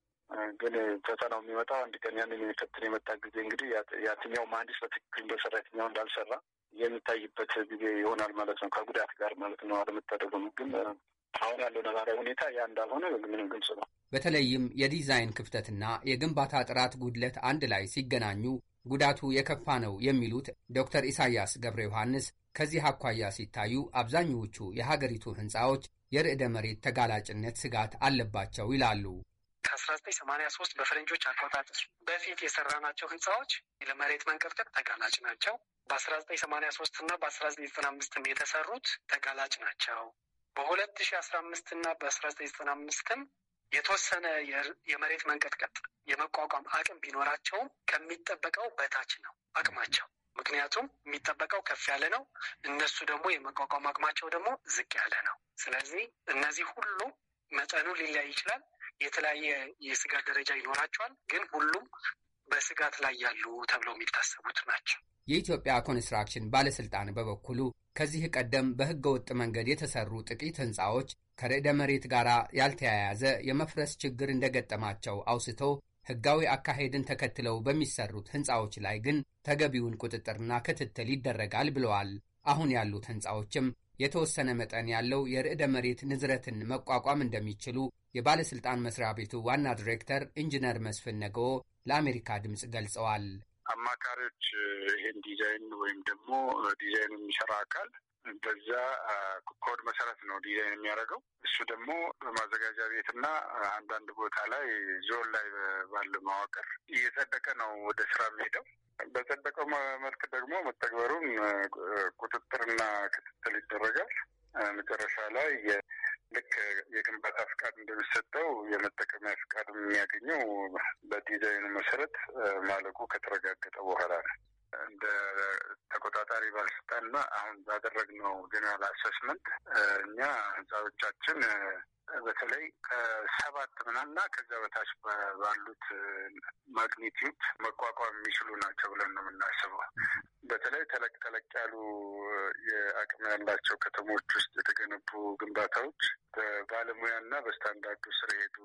ግን ፈተናው የሚመጣው አንድ ቀን ያንን የሚከተል የመጣ ጊዜ እንግዲህ ያትኛው መሀንዲስ በትክክል እንደሰራ የትኛው እንዳልሰራ የሚታይበት ጊዜ ይሆናል ማለት ነው። ከጉዳት ጋር ማለት ነው። አለመታደሉም ግን አሁን ያለው ነባራዊ ሁኔታ ያ እንዳልሆነ ምንም ግልጽ ነው። በተለይም የዲዛይን ክፍተትና የግንባታ ጥራት ጉድለት አንድ ላይ ሲገናኙ ጉዳቱ የከፋ ነው የሚሉት ዶክተር ኢሳያስ ገብረ ዮሐንስ ከዚህ አኳያ ሲታዩ አብዛኞቹ የሀገሪቱ ሕንፃዎች የርዕደ መሬት ተጋላጭነት ስጋት አለባቸው ይላሉ። አስራ ዘጠኝ ሰማንያ ሶስት በፈረንጆች አቆጣጠር በፊት የሰራናቸው ህንፃዎች ለመሬት መንቀጥቀጥ ተጋላጭ ናቸው። በአስራ ዘጠኝ ሶስት እና በአስራ ዘጠኝ ዘጠና አምስትም የተሰሩት ተጋላጭ ናቸው። በሁለት ሺ አስራ አምስት እና በአስራ ዘጠኝ ዘጠና አምስትም የተወሰነ የመሬት መንቀጥቀጥ የመቋቋም አቅም ቢኖራቸውም ከሚጠበቀው በታች ነው አቅማቸው። ምክንያቱም የሚጠበቀው ከፍ ያለ ነው፣ እነሱ ደግሞ የመቋቋም አቅማቸው ደግሞ ዝቅ ያለ ነው። ስለዚህ እነዚህ ሁሉ መጠኑ ሊለያይ ይችላል። የተለያየ የስጋት ደረጃ ይኖራቸዋል። ግን ሁሉም በስጋት ላይ ያሉ ተብለው የሚታሰቡት ናቸው። የኢትዮጵያ ኮንስትራክሽን ባለስልጣን በበኩሉ ከዚህ ቀደም በህገ ወጥ መንገድ የተሰሩ ጥቂት ህንፃዎች ከርዕደ መሬት ጋር ያልተያያዘ የመፍረስ ችግር እንደገጠማቸው አውስቶ ህጋዊ አካሄድን ተከትለው በሚሰሩት ህንፃዎች ላይ ግን ተገቢውን ቁጥጥርና ክትትል ይደረጋል ብለዋል። አሁን ያሉት ህንፃዎችም። የተወሰነ መጠን ያለው የርዕደ መሬት ንዝረትን መቋቋም እንደሚችሉ የባለሥልጣን መስሪያ ቤቱ ዋና ዲሬክተር ኢንጂነር መስፍን ነገዎ ለአሜሪካ ድምፅ ገልጸዋል። አማካሪዎች ይህን ዲዛይን ወይም ደግሞ ዲዛይን የሚሰራ አካል በዛ ኮድ መሰረት ነው ዲዛይን የሚያደርገው። እሱ ደግሞ በማዘጋጃ ቤትና አንዳንድ ቦታ ላይ ዞን ላይ ባለው መዋቅር እየጸደቀ ነው ወደ ስራ የሚሄደው። በጸደቀው መልክ ደግሞ መተግበሩን ቁጥጥርና ክትትል ይደረጋል። መጨረሻ ላይ ልክ የግንባታ ፍቃድ እንደሚሰጠው የመጠቀሚያ ፍቃድ የሚያገኘው በዲዛይኑ መሰረት ማለቁ ከተረጋገጠ በኋላ ነው። እንደ ተቆጣጣሪ ባለስልጣን እና አሁን ባደረግነው ጀነራል አሰስመንት እኛ ህንፃዎቻችን በተለይ ከሰባት ና ከዚያ በታች ባሉት ማግኒቲዩድ መቋቋም የሚችሉ ናቸው ብለን ነው የምናስበው። በተለይ ተለቅ ተለቅ ያሉ የአቅም ያላቸው ከተሞች ውስጥ የተገነቡ ግንባታዎች በባለሙያ እና በስታንዳርዱ ስር የሄዱ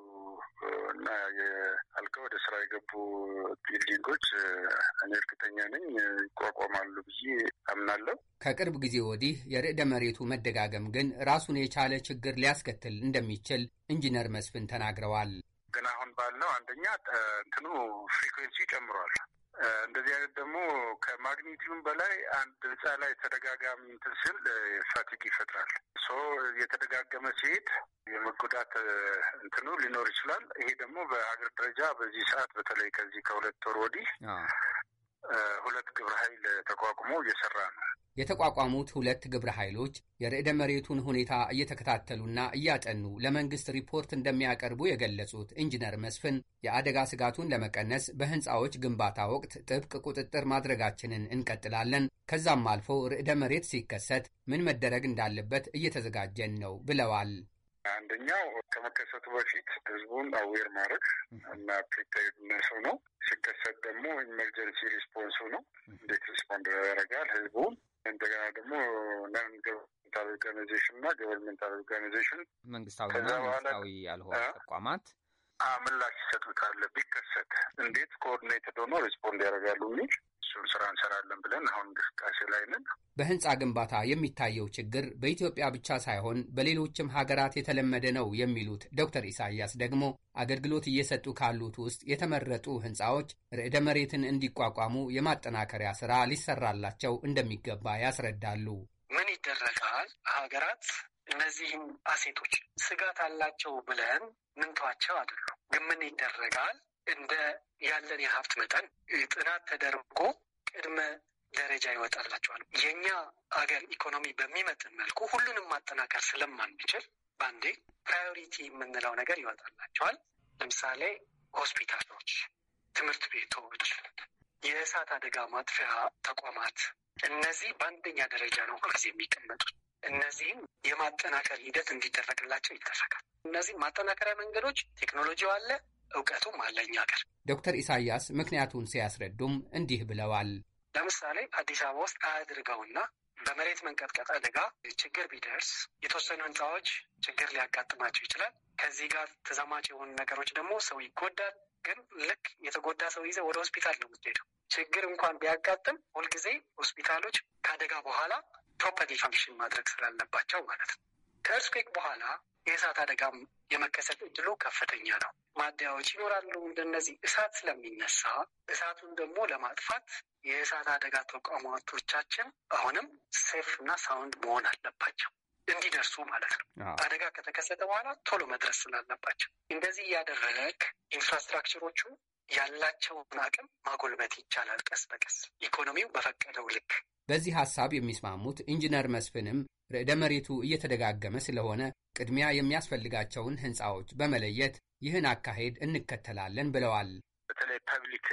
እና የአልቀ ወደ ስራ የገቡ ቢልዲንጎች እኔ እርግጠኛ ነኝ ይቋቋማሉ ብዬ አምናለሁ። ከቅርብ ጊዜ ወዲህ የርዕደ መሬቱ መደጋገም ግን ራሱን የቻለ ችግር ሊያስከትል እንደሚችል ኢንጂነር መስፍን ተናግረዋል። ግን አሁን ባለው አንደኛ እንትኑ ፍሪኩዌንሲ ጨምሯል። እንደዚህ አይነት ደግሞ ከማግኒቲዩም በላይ አንድ ህንፃ ላይ ተደጋጋሚ እንትን ስል ፋቲግ ይፈጥራል። ሶ የተደጋገመ ሲሄድ የመጎዳት እንትኑ ሊኖር ይችላል። ይሄ ደግሞ በሀገር ደረጃ በዚህ ሰዓት በተለይ ከዚህ ከሁለት ወር ወዲህ ሁለት ግብረ ኃይል ተቋቁሞ እየሰራ ነው። የተቋቋሙት ሁለት ግብረ ኃይሎች የርዕደ መሬቱን ሁኔታ እየተከታተሉና እያጠኑ ለመንግስት ሪፖርት እንደሚያቀርቡ የገለጹት ኢንጂነር መስፍን የአደጋ ስጋቱን ለመቀነስ በህንፃዎች ግንባታ ወቅት ጥብቅ ቁጥጥር ማድረጋችንን እንቀጥላለን፣ ከዛም አልፎ ርዕደ መሬት ሲከሰት ምን መደረግ እንዳለበት እየተዘጋጀን ነው ብለዋል። አንደኛው ከመከሰቱ በፊት ህዝቡን አዌር ማድረግ እና ፕሪፔርነሱ ነው። ሲከሰት ደግሞ ኢመርጀንሲ ሪስፖንሱ ነው። እንዴት ሪስፖንድ ያደርጋል ህዝቡን እንደገና ደግሞ ነን ገቨርንመንታል ኦርጋናይዜሽን እና ገቨርንመንታል ኦርጋናይዜሽን መንግስታዊና መንግስታዊ ያልሆኑ ተቋማት ምላሽ ይሰጡታል። ቢከሰት እንዴት ኮኦርዲኔትድ ሆኖ ሪስፖንድ ያደርጋሉ የሚል እሱን ስራ እንሰራለን ብለን አሁን እንቅስቃሴ ላይ ነን። በህንፃ ግንባታ የሚታየው ችግር በኢትዮጵያ ብቻ ሳይሆን በሌሎችም ሀገራት የተለመደ ነው የሚሉት ዶክተር ኢሳያስ ደግሞ አገልግሎት እየሰጡ ካሉት ውስጥ የተመረጡ ህንፃዎች ርዕደ መሬትን እንዲቋቋሙ የማጠናከሪያ ስራ ሊሰራላቸው እንደሚገባ ያስረዳሉ። ምን ይደረጋል? ሀገራት እነዚህም አሴቶች ስጋት አላቸው ብለን ምንተዋቸው አደሉ ግን ምን ይደረጋል? እንደ ያለን የሀብት መጠን ጥናት ተደርጎ ቅድመ ደረጃ ይወጣላቸዋል። የእኛ አገር ኢኮኖሚ በሚመጥን መልኩ ሁሉንም ማጠናከር ስለማንችል በአንዴ ፕራዮሪቲ የምንለው ነገር ይወጣላቸዋል። ለምሳሌ ሆስፒታሎች፣ ትምህርት ቤቶች፣ የእሳት አደጋ ማጥፊያ ተቋማት እነዚህ በአንደኛ ደረጃ ነው ሁልጊዜ የሚቀመጡት። እነዚህም የማጠናከር ሂደት እንዲደረግላቸው ይደረጋል። እነዚህም ማጠናከሪያ መንገዶች ቴክኖሎጂው አለ፣ እውቀቱም አለ እኛ ሀገር። ዶክተር ኢሳያስ ምክንያቱን ሲያስረዱም እንዲህ ብለዋል። ለምሳሌ አዲስ አበባ ውስጥ አያድርገውና በመሬት መንቀጥቀጥ አደጋ ችግር ቢደርስ የተወሰኑ ህንፃዎች ችግር ሊያጋጥማቸው ይችላል። ከዚህ ጋር ተዛማች የሆኑ ነገሮች ደግሞ ሰው ይጎዳል። ግን ልክ የተጎዳ ሰው ይዘ ወደ ሆስፒታል ነው የምትሄደው። ችግር እንኳን ቢያጋጥም ሁልጊዜ ሆስፒታሎች ከአደጋ በኋላ ፕሮፐርሊ ፋንክሽን ማድረግ ስላለባቸው ማለት ነው። ከእርስክክ በኋላ የእሳት አደጋ የመከሰት እድሉ ከፍተኛ ነው። ማደያዎች ይኖራሉ። እንደነዚህ እሳት ስለሚነሳ እሳቱን ደግሞ ለማጥፋት የእሳት አደጋ ተቋማቶቻችን አሁንም ሴፍ እና ሳውንድ መሆን አለባቸው እንዲደርሱ ማለት ነው። አደጋ ከተከሰተ በኋላ ቶሎ መድረስ ስላለባቸው እንደዚህ እያደረግ ኢንፍራስትራክቸሮቹ ያላቸውን አቅም ማጎልበት ይቻላል። ቀስ በቀስ ኢኮኖሚው በፈቀደው ልክ በዚህ ሐሳብ የሚስማሙት ኢንጂነር መስፍንም ርዕደ መሬቱ እየተደጋገመ ስለሆነ ቅድሚያ የሚያስፈልጋቸውን ሕንፃዎች በመለየት ይህን አካሄድ እንከተላለን ብለዋል። በተለይ ፐብሊክ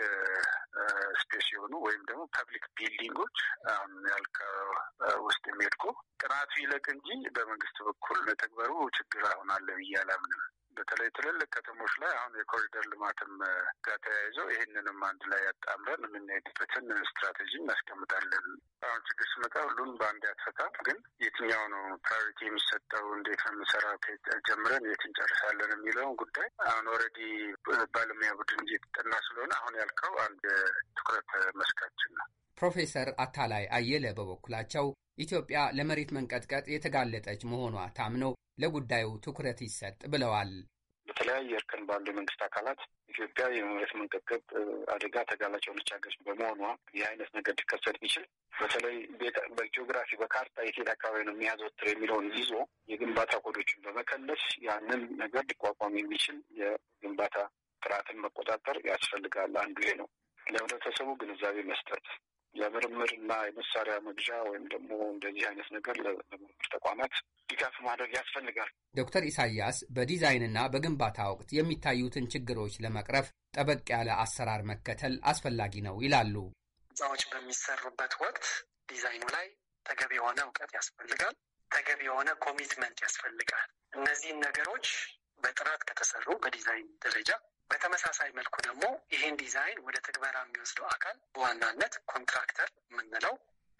ስፔስ የሆኑ ወይም ደግሞ ፐብሊክ ቢልዲንጎች አሁን ያልከው ውስጥ የሚሄድኩ ጥናቱ ይለቅ እንጂ በመንግስት በኩል መተግበሩ ችግር አሁን አለ ብዬ አላምንም። በተለይ ትልልቅ ከተሞች ላይ አሁን የኮሪደር ልማትም ጋር ተያይዞ ይህንንም አንድ ላይ ያጣምረን የምንሄድበትን ስትራቴጂ እናስቀምጣለን። አሁን ችግር ስመጣ ሁሉን በአንድ ያትፈታም፣ ግን የትኛው ነው ፕራዮሪቲ የሚሰጠው እንዴት ነው የምንሰራው ጀምረን የት እንጨርሳለን የሚለውን ጉዳይ አሁን ኦልሬዲ ባለሙያ ቡድን እየተጠና ስለሆነ አሁን ያልከው አንድ ትኩረት መስካችን ነው። ፕሮፌሰር አታላይ አየለ በበኩላቸው ኢትዮጵያ ለመሬት መንቀጥቀጥ የተጋለጠች መሆኗ ታምነው ለጉዳዩ ትኩረት ይሰጥ ብለዋል። በተለያየ እርከን ባሉ የመንግስት አካላት ኢትዮጵያ የመሬት መንቀጥቀጥ አደጋ ተጋላጭ የሆነች ሀገር በመሆኗ ይህ አይነት ነገር ሊከሰት ቢችል በተለይ በጂኦግራፊ በካርታ የቴት አካባቢ ነው የሚያዘወትር የሚለውን ይዞ የግንባታ ኮዶችን በመከለስ ያንን ነገር ሊቋቋም የሚችል የግንባታ ጥራትን መቆጣጠር ያስፈልጋል። አንዱ ይሄ ነው። ለህብረተሰቡ ግንዛቤ መስጠት ለምርምርና የመሳሪያ መግዣ ወይም ደግሞ እንደዚህ አይነት ነገር ለምርምር ተቋማት ድጋፍ ማድረግ ያስፈልጋል። ዶክተር ኢሳያስ በዲዛይንና በግንባታ ወቅት የሚታዩትን ችግሮች ለመቅረፍ ጠበቅ ያለ አሰራር መከተል አስፈላጊ ነው ይላሉ። ህንፃዎች በሚሰሩበት ወቅት ዲዛይኑ ላይ ተገቢ የሆነ እውቀት ያስፈልጋል። ተገቢ የሆነ ኮሚትመንት ያስፈልጋል። እነዚህን ነገሮች በጥራት ከተሰሩ በዲዛይን ደረጃ በተመሳሳይ መልኩ ደግሞ ይህን ዲዛይን ወደ ትግበራ የሚወስደው አካል በዋናነት ኮንትራክተር የምንለው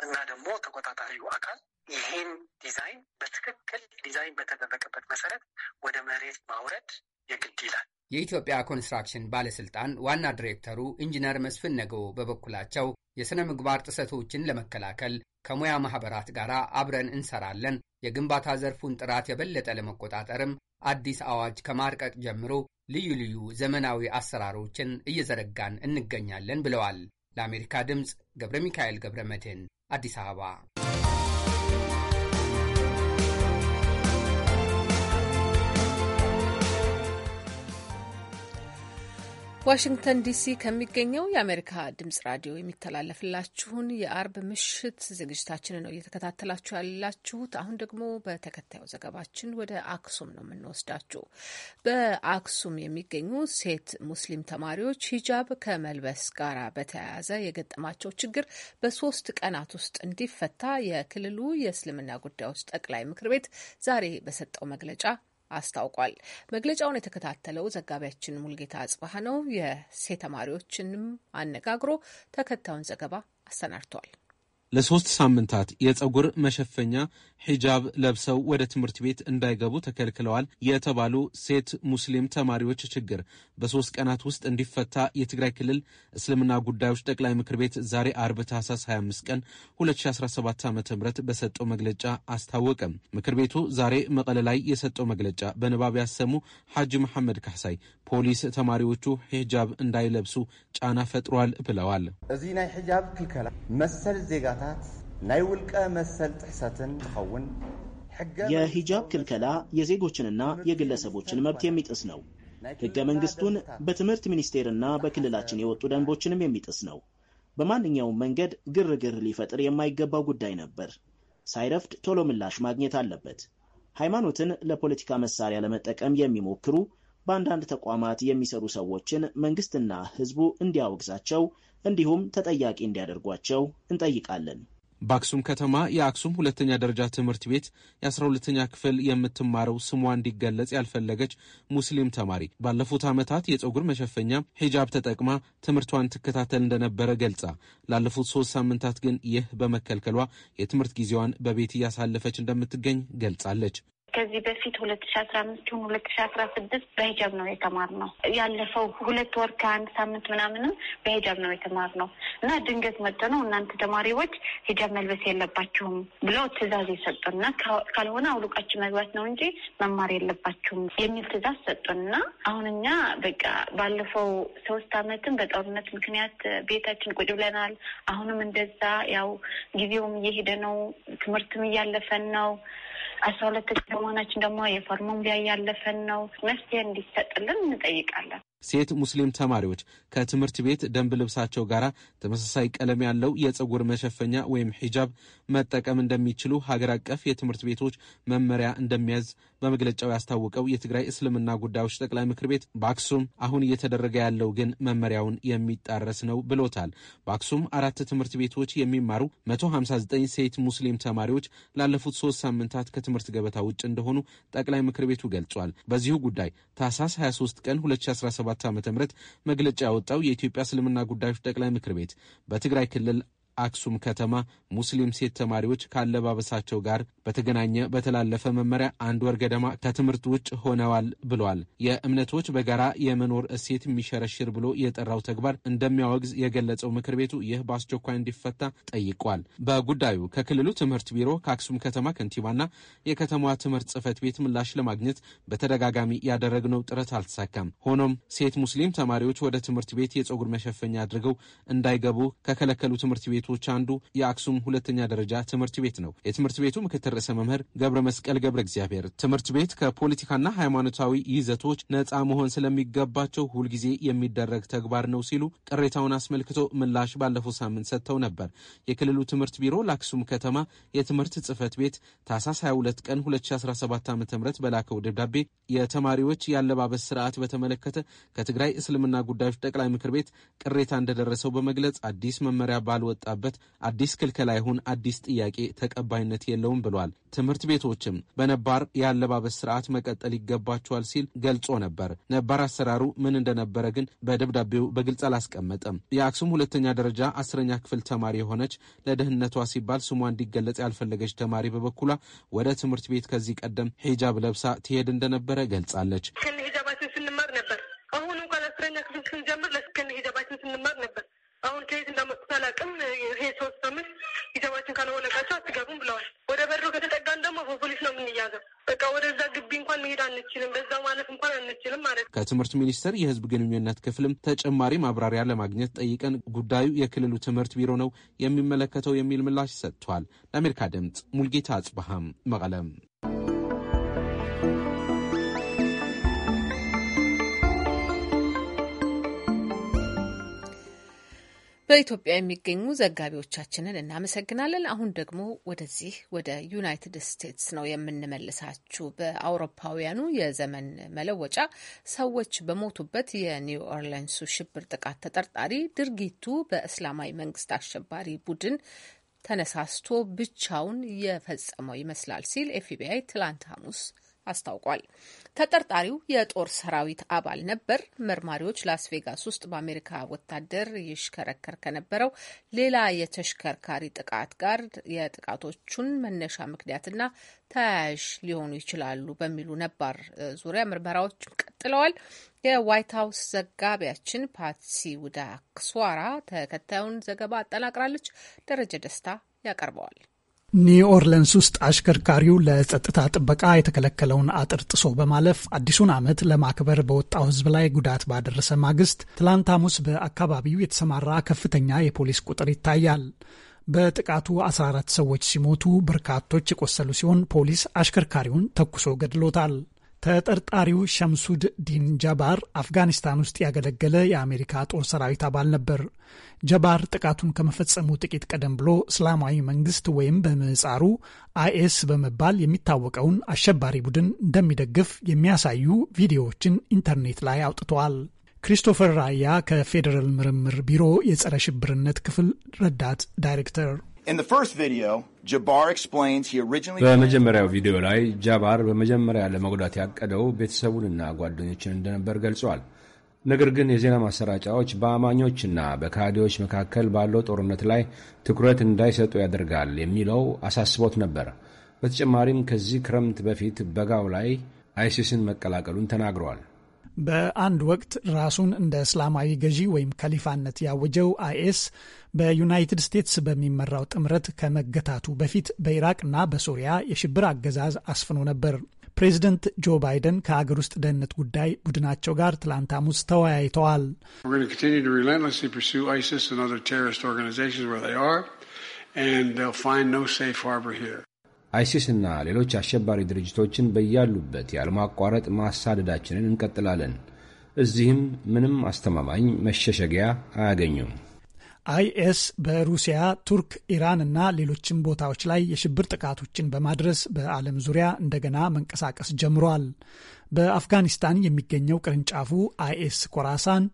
እና ደግሞ ተቆጣጣሪው አካል ይህን ዲዛይን በትክክል ዲዛይን በተደረገበት መሰረት ወደ መሬት ማውረድ የግድ ይላል። የኢትዮጵያ ኮንስትራክሽን ባለስልጣን ዋና ዲሬክተሩ ኢንጂነር መስፍን ነገው በበኩላቸው የሥነ ምግባር ጥሰቶችን ለመከላከል ከሙያ ማኅበራት ጋር አብረን እንሰራለን፣ የግንባታ ዘርፉን ጥራት የበለጠ ለመቆጣጠርም አዲስ አዋጅ ከማርቀቅ ጀምሮ ልዩ ልዩ ዘመናዊ አሰራሮችን እየዘረጋን እንገኛለን ብለዋል። ለአሜሪካ ድምፅ ገብረ ሚካኤል ገብረ መድህን አዲስ አበባ ዋሽንግተን ዲሲ ከሚገኘው የአሜሪካ ድምጽ ራዲዮ የሚተላለፍላችሁን የአርብ ምሽት ዝግጅታችን ነው እየተከታተላችሁ ያላችሁት። አሁን ደግሞ በተከታዩ ዘገባችን ወደ አክሱም ነው የምንወስዳችሁ። በአክሱም የሚገኙ ሴት ሙስሊም ተማሪዎች ሂጃብ ከመልበስ ጋር በተያያዘ የገጠማቸው ችግር በሶስት ቀናት ውስጥ እንዲፈታ የክልሉ የእስልምና ጉዳዮች ጠቅላይ ምክር ቤት ዛሬ በሰጠው መግለጫ አስታውቋል። መግለጫውን የተከታተለው ዘጋቢያችን ሙልጌታ አጽባህ ነው። የሴ ተማሪዎችንም አነጋግሮ ተከታዩን ዘገባ አሰናድቷል። ለሶስት ሳምንታት የፀጉር መሸፈኛ ሂጃብ ለብሰው ወደ ትምህርት ቤት እንዳይገቡ ተከልክለዋል የተባሉ ሴት ሙስሊም ተማሪዎች ችግር በሶስት ቀናት ውስጥ እንዲፈታ የትግራይ ክልል እስልምና ጉዳዮች ጠቅላይ ምክር ቤት ዛሬ አርብ ታህሳስ 25 ቀን 2017 ዓ ም በሰጠው መግለጫ አስታወቀ። ምክር ቤቱ ዛሬ መቀለ ላይ የሰጠው መግለጫ በንባብ ያሰሙ ሐጂ መሐመድ ካሕሳይ ፖሊስ ተማሪዎቹ ሂጃብ እንዳይለብሱ ጫና ፈጥሯል ብለዋል። እዚ ናይ ሂጃብ ክልከላ መሰል ዜጋታት ናይ ውልቀ መሰል ጥሕሰትን ትኸውን የሂጃብ ክልከላ የዜጎችንና የግለሰቦችን መብት የሚጥስ ነው። ሕገ መንግሥቱን በትምህርት ሚኒስቴርና በክልላችን የወጡ ደንቦችንም የሚጥስ ነው። በማንኛውም መንገድ ግርግር ሊፈጥር የማይገባው ጉዳይ ነበር። ሳይረፍድ ቶሎ ምላሽ ማግኘት አለበት። ሃይማኖትን ለፖለቲካ መሳሪያ ለመጠቀም የሚሞክሩ በአንዳንድ ተቋማት የሚሰሩ ሰዎችን መንግስትና ሕዝቡ እንዲያወግዛቸው እንዲሁም ተጠያቂ እንዲያደርጓቸው እንጠይቃለን። በአክሱም ከተማ የአክሱም ሁለተኛ ደረጃ ትምህርት ቤት የአስራ ሁለተኛ ክፍል የምትማረው ስሟ እንዲገለጽ ያልፈለገች ሙስሊም ተማሪ ባለፉት ዓመታት የፀጉር መሸፈኛ ሂጃብ ተጠቅማ ትምህርቷን ትከታተል እንደነበረ ገልጻ ላለፉት ሶስት ሳምንታት ግን ይህ በመከልከሏ የትምህርት ጊዜዋን በቤት እያሳለፈች እንደምትገኝ ገልጻለች። ከዚህ በፊት ሁለት ሺ አስራ አምስት ሁን ሁለት ሺ አስራ ስድስት በሂጃብ ነው የተማርነው። ያለፈው ሁለት ወር ከአንድ ሳምንት ምናምንም በሂጃብ ነው የተማርነው እና ድንገት መጥቶ ነው እናንተ ተማሪዎች ሂጃብ መልበስ የለባችሁም ብለው ትዕዛዝ የሰጡንና ካልሆነ አውልቃችሁ መግባት ነው እንጂ መማር የለባችሁም የሚል ትዕዛዝ ሰጡንና አሁን እኛ በቃ ባለፈው ሶስት አመትም በጦርነት ምክንያት ቤታችን ቁጭ ብለናል። አሁንም እንደዛ ያው ጊዜውም እየሄደ ነው፣ ትምህርትም እያለፈን ነው። አስራ ሁለት ከመሆናችን ደግሞ የፎርሙን ቢያ እያለፈን ነው። መፍትሄ እንዲሰጥልን እንጠይቃለን። ሴት ሙስሊም ተማሪዎች ከትምህርት ቤት ደንብ ልብሳቸው ጋር ተመሳሳይ ቀለም ያለው የፀጉር መሸፈኛ ወይም ሂጃብ መጠቀም እንደሚችሉ ሀገር አቀፍ የትምህርት ቤቶች መመሪያ እንደሚያዝ በመግለጫው ያስታወቀው የትግራይ እስልምና ጉዳዮች ጠቅላይ ምክር ቤት በአክሱም አሁን እየተደረገ ያለው ግን መመሪያውን የሚጣረስ ነው ብሎታል። በአክሱም አራት ትምህርት ቤቶች የሚማሩ 159 ሴት ሙስሊም ተማሪዎች ላለፉት ሶስት ሳምንታት ከትምህርት ገበታ ውጭ እንደሆኑ ጠቅላይ ምክር ቤቱ ገልጿል። በዚሁ ጉዳይ ታህሳስ 23 ቀን 2017 ዓ ም መግለጫ ያወጣው የኢትዮጵያ እስልምና ጉዳዮች ጠቅላይ ምክር ቤት በትግራይ ክልል አክሱም ከተማ ሙስሊም ሴት ተማሪዎች ካለባበሳቸው ጋር በተገናኘ በተላለፈ መመሪያ አንድ ወር ገደማ ከትምህርት ውጭ ሆነዋል ብሏል። የእምነቶች በጋራ የመኖር እሴት የሚሸረሽር ብሎ የጠራው ተግባር እንደሚያወግዝ የገለጸው ምክር ቤቱ ይህ በአስቸኳይ እንዲፈታ ጠይቋል። በጉዳዩ ከክልሉ ትምህርት ቢሮ ከአክሱም ከተማ ከንቲባና የከተማዋ ትምህርት ጽህፈት ቤት ምላሽ ለማግኘት በተደጋጋሚ ያደረግነው ጥረት አልተሳካም። ሆኖም ሴት ሙስሊም ተማሪዎች ወደ ትምህርት ቤት የፀጉር መሸፈኛ አድርገው እንዳይገቡ ከከለከሉ ትምህርት ቤቱ ቤቶች አንዱ የአክሱም ሁለተኛ ደረጃ ትምህርት ቤት ነው። የትምህርት ቤቱ ምክትል ርዕሰ መምህር ገብረ መስቀል ገብረ እግዚአብሔር ትምህርት ቤት ከፖለቲካና ሃይማኖታዊ ይዘቶች ነፃ መሆን ስለሚገባቸው ሁልጊዜ የሚደረግ ተግባር ነው ሲሉ ቅሬታውን አስመልክቶ ምላሽ ባለፈው ሳምንት ሰጥተው ነበር። የክልሉ ትምህርት ቢሮ ለአክሱም ከተማ የትምህርት ጽህፈት ቤት ታህሳስ 22 ቀን 2017 ዓ ም በላከው ደብዳቤ የተማሪዎች የአለባበስ ስርዓት በተመለከተ ከትግራይ እስልምና ጉዳዮች ጠቅላይ ምክር ቤት ቅሬታ እንደደረሰው በመግለጽ አዲስ መመሪያ ባልወጣ የመጣበት አዲስ ክልከላ ይሁን አዲስ ጥያቄ ተቀባይነት የለውም ብሏል። ትምህርት ቤቶችም በነባር የአለባበስ ስርዓት መቀጠል ይገባቸዋል ሲል ገልጾ ነበር። ነባር አሰራሩ ምን እንደነበረ ግን በደብዳቤው በግልጽ አላስቀመጠም። የአክሱም ሁለተኛ ደረጃ አስረኛ ክፍል ተማሪ የሆነች ለደህንነቷ ሲባል ስሟ እንዲገለጽ ያልፈለገች ተማሪ በበኩሏ ወደ ትምህርት ቤት ከዚህ ቀደም ሂጃብ ለብሳ ትሄድ እንደነበረ ገልጻለች። ሂጃባችን ስንማር ነበር። አሁን እንኳን አስረኛ ክፍል ስንጀምር ከትምህርት ሚኒስቴር የህዝብ ግንኙነት ክፍልም ተጨማሪ ማብራሪያ ለማግኘት ጠይቀን ጉዳዩ የክልሉ ትምህርት ቢሮ ነው የሚመለከተው የሚል ምላሽ ሰጥቷል። ለአሜሪካ ድምፅ ሙልጌታ አጽበሃም መቀለም በኢትዮጵያ የሚገኙ ዘጋቢዎቻችንን እናመሰግናለን። አሁን ደግሞ ወደዚህ ወደ ዩናይትድ ስቴትስ ነው የምንመልሳችሁ። በአውሮፓውያኑ የዘመን መለወጫ ሰዎች በሞቱበት የኒው ኦርሊንሱ ሽብር ጥቃት ተጠርጣሪ ድርጊቱ በእስላማዊ መንግስት አሸባሪ ቡድን ተነሳስቶ ብቻውን የፈጸመው ይመስላል ሲል ኤፍቢአይ ትላንት ሐሙስ አስታውቋል። ተጠርጣሪው የጦር ሰራዊት አባል ነበር። መርማሪዎች ላስ ቬጋስ ውስጥ በአሜሪካ ወታደር ይሽከረከር ከነበረው ሌላ የተሽከርካሪ ጥቃት ጋር የጥቃቶቹን መነሻ ምክንያትና ተያያዥ ሊሆኑ ይችላሉ በሚሉ ነባር ዙሪያ ምርመራዎች ቀጥለዋል። የዋይት ሀውስ ዘጋቢያችን ፓትሲ ውዳክስዋራ ተከታዩን ዘገባ አጠናቅራለች። ደረጀ ደስታ ያቀርበዋል። ኒው ውስጥ አሽከርካሪው ለጸጥታ ጥበቃ የተከለከለውን አጥር ጥሶ በማለፍ አዲሱን ዓመት ለማክበር በወጣው ሕዝብ ላይ ጉዳት ባደረሰ ማግስት ትላንት ሐሙስ በአካባቢው የተሰማራ ከፍተኛ የፖሊስ ቁጥር ይታያል። በጥቃቱ 14 ሰዎች ሲሞቱ በርካቶች የቆሰሉ ሲሆን ፖሊስ አሽከርካሪውን ተኩሶ ገድሎታል። ተጠርጣሪው ሸምሱድ ዲን ጀባር አፍጋኒስታን ውስጥ ያገለገለ የአሜሪካ ጦር ሰራዊት አባል ነበር። ጀባር ጥቃቱን ከመፈጸሙ ጥቂት ቀደም ብሎ እስላማዊ መንግስት ወይም በምህጻሩ አይኤስ በመባል የሚታወቀውን አሸባሪ ቡድን እንደሚደግፍ የሚያሳዩ ቪዲዮዎችን ኢንተርኔት ላይ አውጥተዋል። ክሪስቶፈር ራያ ከፌዴራል ምርምር ቢሮ የጸረ ሽብርነት ክፍል ረዳት ዳይሬክተር በመጀመሪያው ቪዲዮ ላይ ጃባር በመጀመሪያ ለመጉዳት ያቀደው ቤተሰቡንና ጓደኞችን እንደነበር ገልጿል። ነገር ግን የዜና ማሰራጫዎች በአማኞችና በካዲዎች መካከል ባለው ጦርነት ላይ ትኩረት እንዳይሰጡ ያደርጋል የሚለው አሳስቦት ነበር። በተጨማሪም ከዚህ ክረምት በፊት በጋው ላይ አይሲስን መቀላቀሉን ተናግሯል። በአንድ ወቅት ራሱን እንደ እስላማዊ ገዢ ወይም ከሊፋነት ያወጀው አይኤስ በዩናይትድ ስቴትስ በሚመራው ጥምረት ከመገታቱ በፊት በኢራቅና በሶሪያ የሽብር አገዛዝ አስፍኖ ነበር። ፕሬዚደንት ጆ ባይደን ከአገር ውስጥ ደህንነት ጉዳይ ቡድናቸው ጋር ትላንት ሐሙስ ተወያይተዋል። አይሲስ እና ሌሎች አሸባሪ ድርጅቶችን በያሉበት ያለማቋረጥ ማሳደዳችንን እንቀጥላለን። እዚህም ምንም አስተማማኝ መሸሸጊያ አያገኙም። አይኤስ በሩሲያ፣ ቱርክ፣ ኢራን እና ሌሎችም ቦታዎች ላይ የሽብር ጥቃቶችን በማድረስ በዓለም ዙሪያ እንደገና መንቀሳቀስ ጀምሯል። በአፍጋኒስታን የሚገኘው ቅርንጫፉ አይኤስ ኮራሳን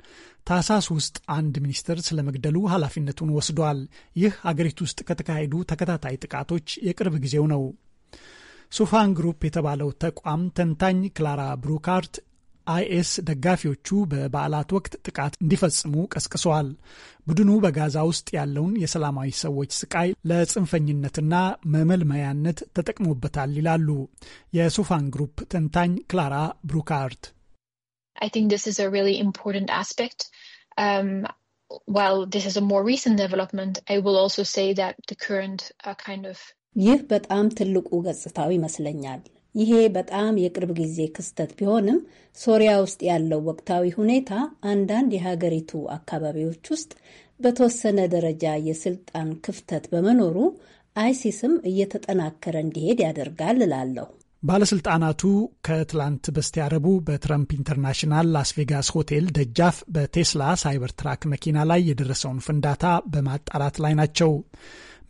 ታህሳስ ውስጥ አንድ ሚኒስትር ስለመግደሉ ኃላፊነቱን ወስዷል። ይህ አገሪቱ ውስጥ ከተካሄዱ ተከታታይ ጥቃቶች የቅርብ ጊዜው ነው። ሱፋን ግሩፕ የተባለው ተቋም ተንታኝ ክላራ ብሩካርት አይኤስ ደጋፊዎቹ በበዓላት ወቅት ጥቃት እንዲፈጽሙ ቀስቅሰዋል። ቡድኑ በጋዛ ውስጥ ያለውን የሰላማዊ ሰዎች ስቃይ ለጽንፈኝነትና መመልመያነት ተጠቅሞበታል ይላሉ የሱፋን ግሩፕ ተንታኝ ክላራ ብሩካርት። I think this is a really important aspect. Um, while this is a more recent development, I will also say that the current uh, kind of ይህ በጣም ትልቁ ገጽታው ይመስለኛል። ይሄ በጣም የቅርብ ጊዜ ክስተት ቢሆንም ሶሪያ ውስጥ ያለው ወቅታዊ ሁኔታ አንዳንድ የሀገሪቱ አካባቢዎች ውስጥ በተወሰነ ደረጃ የስልጣን ክፍተት በመኖሩ አይሲስም እየተጠናከረ እንዲሄድ ያደርጋል እላለሁ። ባለስልጣናቱ ከትላንት በስቲያ ረቡዕ በትረምፕ ኢንተርናሽናል ላስ ቬጋስ ሆቴል ደጃፍ በቴስላ ሳይበር ትራክ መኪና ላይ የደረሰውን ፍንዳታ በማጣራት ላይ ናቸው።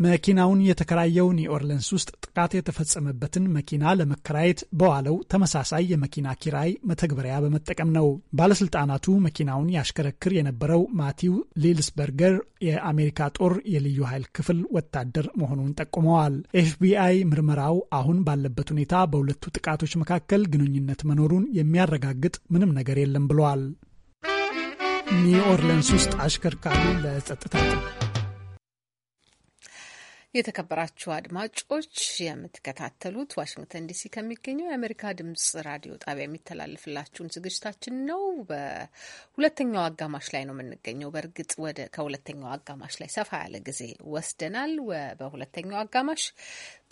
መኪናውን የተከራየው ኒውኦርሊንስ ውስጥ ጥቃት የተፈጸመበትን መኪና ለመከራየት በዋለው ተመሳሳይ የመኪና ኪራይ መተግበሪያ በመጠቀም ነው። ባለስልጣናቱ መኪናውን ያሽከረክር የነበረው ማቲው ሊልስበርገር የአሜሪካ ጦር የልዩ ኃይል ክፍል ወታደር መሆኑን ጠቁመዋል። ኤፍቢአይ ምርመራው አሁን ባለበት ሁኔታ በሁለቱ ጥቃቶች መካከል ግንኙነት መኖሩን የሚያረጋግጥ ምንም ነገር የለም ብለዋል። ኒው ኦርሊንስ ውስጥ አሽከርካሪ ለጸጥታ የተከበራችሁ አድማጮች የምትከታተሉት ዋሽንግተን ዲሲ ከሚገኘው የአሜሪካ ድምጽ ራዲዮ ጣቢያ የሚተላለፍላችሁን ዝግጅታችን ነው። በሁለተኛው አጋማሽ ላይ ነው የምንገኘው። በእርግጥ ወደ ከሁለተኛው አጋማሽ ላይ ሰፋ ያለ ጊዜ ወስደናል። በሁለተኛው አጋማሽ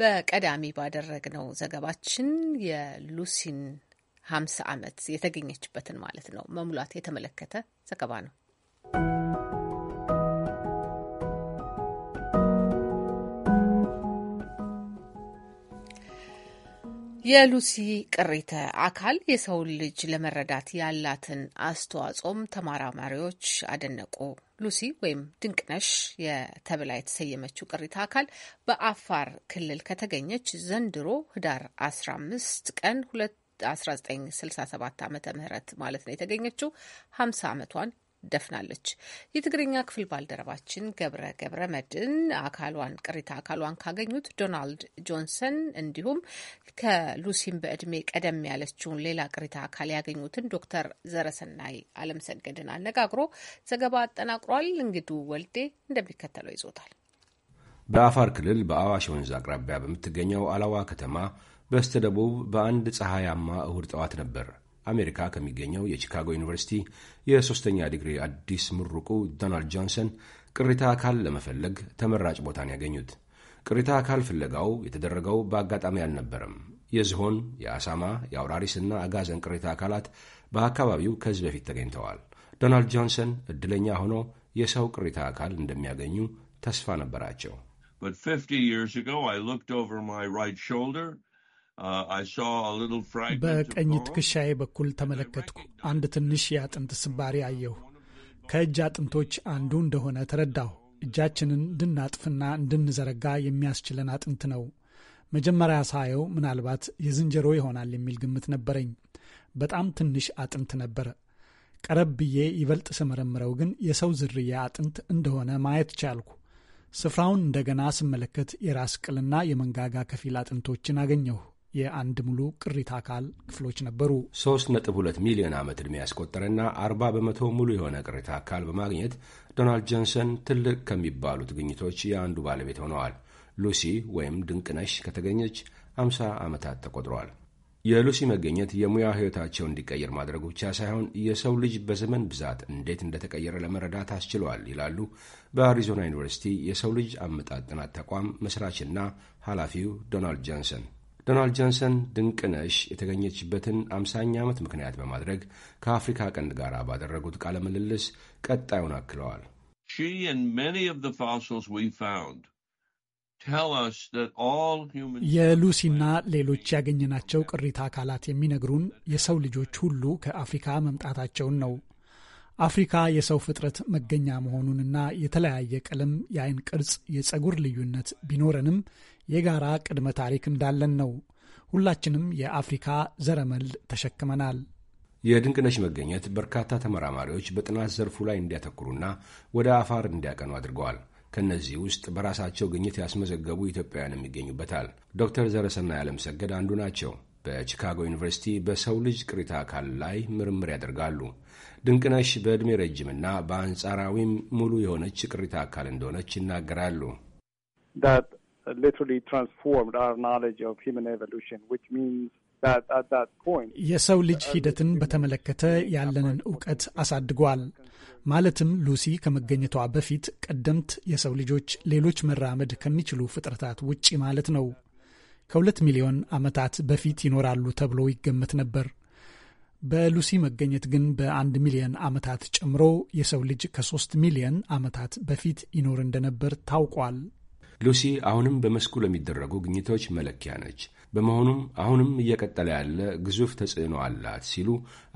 በቀዳሚ ባደረግነው ዘገባችን የሉሲን ሀምሳ ዓመት የተገኘችበትን ማለት ነው መሙላት የተመለከተ ዘገባ ነው። የሉሲ ቅሪተ አካል የሰውን ልጅ ለመረዳት ያላትን አስተዋጽኦም ተመራማሪዎች አደነቁ። ሉሲ ወይም ድንቅነሽ የተብላ የተሰየመችው ቅሪተ አካል በአፋር ክልል ከተገኘች ዘንድሮ ህዳር 15 ቀን 1967 ዓ ም ማለት ነው የተገኘችው 50 ዓመቷን ደፍናለች። የትግርኛ ክፍል ባልደረባችን ገብረ ገብረ መድን አካሏን ቅሪታ አካሏን ካገኙት ዶናልድ ጆንሰን እንዲሁም ከሉሲም በእድሜ ቀደም ያለችውን ሌላ ቅሪታ አካል ያገኙትን ዶክተር ዘረሰናይ አለምሰገድን አነጋግሮ ዘገባ አጠናቅሯል። እንግዱ ወልዴ እንደሚከተለው ይዞታል። በአፋር ክልል በአዋሽ ወንዝ አቅራቢያ በምትገኘው አላዋ ከተማ በስተደቡብ በአንድ ፀሐያማ እሁድ ጠዋት ነበር አሜሪካ ከሚገኘው የቺካጎ ዩኒቨርሲቲ የሶስተኛ ዲግሪ አዲስ ምሩቁ ዶናልድ ጆንሰን ቅሪታ አካል ለመፈለግ ተመራጭ ቦታን ያገኙት። ቅሪታ አካል ፍለጋው የተደረገው በአጋጣሚ አልነበረም። የዝሆን፣ የአሳማ፣ የአውራሪስና አጋዘን ቅሪታ አካላት በአካባቢው ከዚህ በፊት ተገኝተዋል። ዶናልድ ጆንሰን እድለኛ ሆኖ የሰው ቅሪታ አካል እንደሚያገኙ ተስፋ ነበራቸው። Uh, በቀኝ ትከሻዬ በኩል ተመለከትኩ። አንድ ትንሽ የአጥንት ስባሪ አየሁ። ከእጅ አጥንቶች አንዱ እንደሆነ ተረዳሁ። እጃችንን እንድናጥፍና እንድንዘረጋ የሚያስችለን አጥንት ነው። መጀመሪያ ሳየው ምናልባት የዝንጀሮ ይሆናል የሚል ግምት ነበረኝ። በጣም ትንሽ አጥንት ነበረ። ቀረብ ብዬ ይበልጥ ስመረምረው ግን የሰው ዝርያ አጥንት እንደሆነ ማየት ቻልኩ። ስፍራውን እንደገና ስመለከት የራስ ቅልና የመንጋጋ ከፊል አጥንቶችን አገኘሁ። የአንድ ሙሉ ቅሪተ አካል ክፍሎች ነበሩ። 3.2 ሚሊዮን ዓመት ዕድሜ ያስቆጠረና 40 በመቶ ሙሉ የሆነ ቅሪተ አካል በማግኘት ዶናልድ ጆንሰን ትልቅ ከሚባሉት ግኝቶች የአንዱ ባለቤት ሆነዋል። ሉሲ ወይም ድንቅነሽ ከተገኘች 50 ዓመታት ተቆጥረዋል። የሉሲ መገኘት የሙያ ሕይወታቸው እንዲቀየር ማድረጉ ብቻ ሳይሆን የሰው ልጅ በዘመን ብዛት እንዴት እንደተቀየረ ለመረዳት አስችለዋል ይላሉ በአሪዞና ዩኒቨርሲቲ የሰው ልጅ አመጣጥ ጥናት ተቋም መስራችና ኃላፊው ዶናልድ ጆንሰን። ዶናልድ ጆንሰን ድንቅነሽ የተገኘችበትን አምሳኛ ዓመት ምክንያት በማድረግ ከአፍሪካ ቀንድ ጋር ባደረጉት ቃለ ምልልስ ቀጣዩን አክለዋል። የሉሲና ሌሎች ያገኘናቸው ቅሪተ አካላት የሚነግሩን የሰው ልጆች ሁሉ ከአፍሪካ መምጣታቸውን ነው። አፍሪካ የሰው ፍጥረት መገኛ መሆኑንና የተለያየ ቀለም፣ የአይን ቅርጽ፣ የጸጉር ልዩነት ቢኖረንም የጋራ ቅድመ ታሪክ እንዳለን ነው። ሁላችንም የአፍሪካ ዘረመል ተሸክመናል። የድንቅነሽ መገኘት በርካታ ተመራማሪዎች በጥናት ዘርፉ ላይ እንዲያተኩሩና ወደ አፋር እንዲያቀኑ አድርገዋል። ከእነዚህ ውስጥ በራሳቸው ግኝት ያስመዘገቡ ኢትዮጵያውያንም ይገኙበታል። ዶክተር ያለም ሰገድ አንዱ ናቸው። በቺካጎ ዩኒቨርሲቲ በሰው ልጅ ቅሪተ አካል ላይ ምርምር ያደርጋሉ። ድንቅነሽ በዕድሜ ረጅምና በአንጻራዊም ሙሉ የሆነች ቅሪተ አካል እንደሆነች ይናገራሉ። literally transformed our knowledge of human evolution, which means የሰው ልጅ ሂደትን በተመለከተ ያለንን እውቀት አሳድጓል። ማለትም ሉሲ ከመገኘቷ በፊት ቀደምት የሰው ልጆች ሌሎች መራመድ ከሚችሉ ፍጥረታት ውጪ ማለት ነው ከሁለት ሚሊዮን ዓመታት በፊት ይኖራሉ ተብሎ ይገመት ነበር። በሉሲ መገኘት ግን በአንድ ሚሊዮን ዓመታት ጨምሮ የሰው ልጅ ከሶስት ሚሊዮን ዓመታት በፊት ይኖር እንደነበር ታውቋል። ሉሲ አሁንም በመስኩ ለሚደረጉ ግኝቶች መለኪያ ነች። በመሆኑም አሁንም እየቀጠለ ያለ ግዙፍ ተጽዕኖ አላት ሲሉ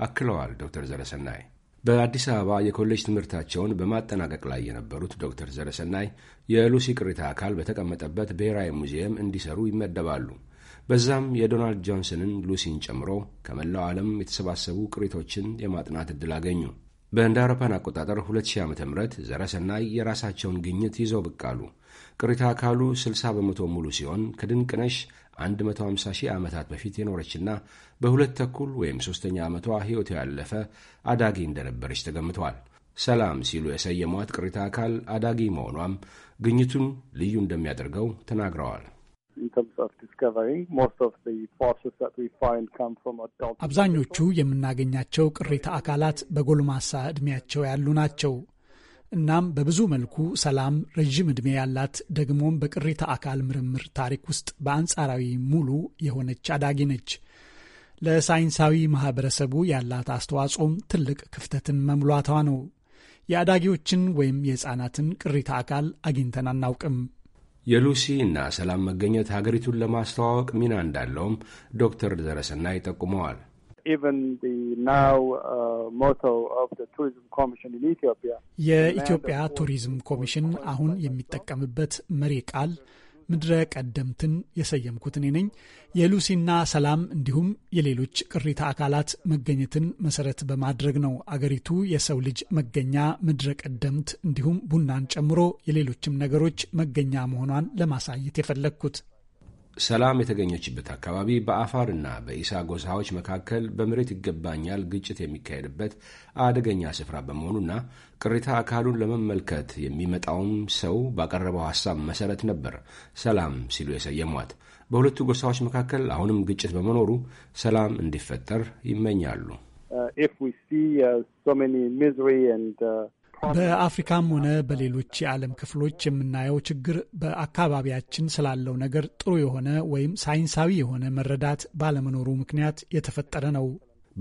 አክለዋል ዶክተር ዘረሰናይ። በአዲስ አበባ የኮሌጅ ትምህርታቸውን በማጠናቀቅ ላይ የነበሩት ዶክተር ዘረሰናይ የሉሲ ቅሪታ አካል በተቀመጠበት ብሔራዊ ሙዚየም እንዲሰሩ ይመደባሉ። በዛም የዶናልድ ጆንሰንን ሉሲን ጨምሮ ከመላው ዓለም የተሰባሰቡ ቅሪቶችን የማጥናት ዕድል አገኙ። በእንደ አውሮፓን አቆጣጠር 2000 ዓ ም ዘረሰናይ የራሳቸውን ግኝት ይዘው ብቅ አሉ። ቅሪተ አካሉ 60 በመቶ ሙሉ ሲሆን ከድንቅነሽ 150 ሺህ ዓመታት በፊት የኖረችና በሁለት ተኩል ወይም ሦስተኛ ዓመቷ ሕይወት ያለፈ አዳጊ እንደነበረች ተገምተዋል። ሰላም ሲሉ የሰየሟት ቅሪተ አካል አዳጊ መሆኗም ግኝቱን ልዩ እንደሚያደርገው ተናግረዋል። አብዛኞቹ የምናገኛቸው ቅሪተ አካላት በጎልማሳ ዕድሜያቸው ያሉ ናቸው። እናም በብዙ መልኩ ሰላም ረዥም ዕድሜ ያላት ደግሞም በቅሪተ አካል ምርምር ታሪክ ውስጥ በአንጻራዊ ሙሉ የሆነች አዳጊ ነች። ለሳይንሳዊ ማህበረሰቡ ያላት አስተዋጽኦም ትልቅ ክፍተትን መሙላቷ ነው። የአዳጊዎችን ወይም የሕፃናትን ቅሪተ አካል አግኝተን አናውቅም። የሉሲ እና ሰላም መገኘት ሀገሪቱን ለማስተዋወቅ ሚና እንዳለውም ዶክተር ዘረሰናይ ጠቁመዋል። ቱሪዝም uh, የኢትዮጵያ ቱሪዝም ኮሚሽን አሁን የሚጠቀምበት መሪ ቃል ምድረ ቀደምትን የሰየምኩት እኔ ነኝ የሉሲና ሰላም እንዲሁም የሌሎች ቅሪተ አካላት መገኘትን መሰረት በማድረግ ነው። አገሪቱ የሰው ልጅ መገኛ ምድረ ቀደምት እንዲሁም ቡናን ጨምሮ የሌሎችም ነገሮች መገኛ መሆኗን ለማሳየት የፈለግኩት ሰላም የተገኘችበት አካባቢ እና በኢሳ ጎሳዎች መካከል በመሬት ይገባኛል ግጭት የሚካሄድበት አደገኛ ስፍራ በመሆኑና ቅሪታ አካሉን ለመመልከት የሚመጣውም ሰው ባቀረበው ሐሳብ መሠረት ነበር ሰላም ሲሉ የሰየሟት። በሁለቱ ጎሳዎች መካከል አሁንም ግጭት በመኖሩ ሰላም እንዲፈጠር ይመኛሉ። uh, በአፍሪካም ሆነ በሌሎች የዓለም ክፍሎች የምናየው ችግር በአካባቢያችን ስላለው ነገር ጥሩ የሆነ ወይም ሳይንሳዊ የሆነ መረዳት ባለመኖሩ ምክንያት የተፈጠረ ነው።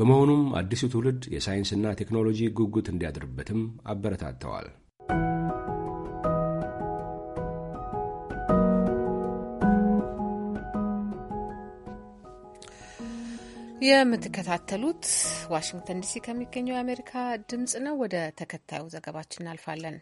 በመሆኑም አዲሱ ትውልድ የሳይንስና ቴክኖሎጂ ጉጉት እንዲያድርበትም አበረታተዋል። የምትከታተሉት ዋሽንግተን ዲሲ ከሚገኘው የአሜሪካ ድምጽ ነው። ወደ ተከታዩ ዘገባችን እናልፋለን።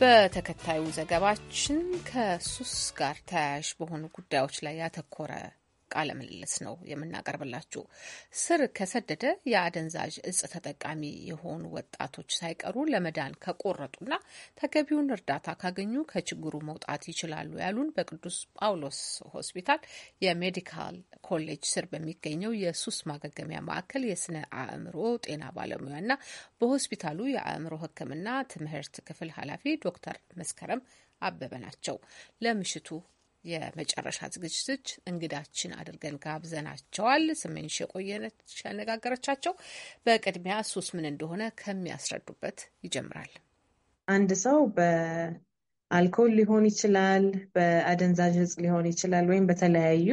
በተከታዩ ዘገባችን ከሱስ ጋር ተያያዥ በሆኑ ጉዳዮች ላይ ያተኮረ ቃለ ምልልስ ነው የምናቀርብላችሁ። ስር ከሰደደ የአደንዛዥ እጽ ተጠቃሚ የሆኑ ወጣቶች ሳይቀሩ ለመዳን ከቆረጡና ተገቢውን እርዳታ ካገኙ ከችግሩ መውጣት ይችላሉ ያሉን በቅዱስ ጳውሎስ ሆስፒታል የሜዲካል ኮሌጅ ስር በሚገኘው የሱስ ማገገሚያ ማዕከል የስነ አእምሮ ጤና ባለሙያና በሆስፒታሉ የአእምሮ ሕክምና ትምህርት ክፍል ኃላፊ ዶክተር መስከረም አበበ ናቸው። ለምሽቱ የመጨረሻ ዝግጅቶች እንግዳችን አድርገን ጋብዘናቸዋል። ስመኝሽ የቆየነች ያነጋገረቻቸው። በቅድሚያ ሱስ ምን እንደሆነ ከሚያስረዱበት ይጀምራል። አንድ ሰው በአልኮል ሊሆን ይችላል፣ በአደንዛዥ እጽ ሊሆን ይችላል፣ ወይም በተለያዩ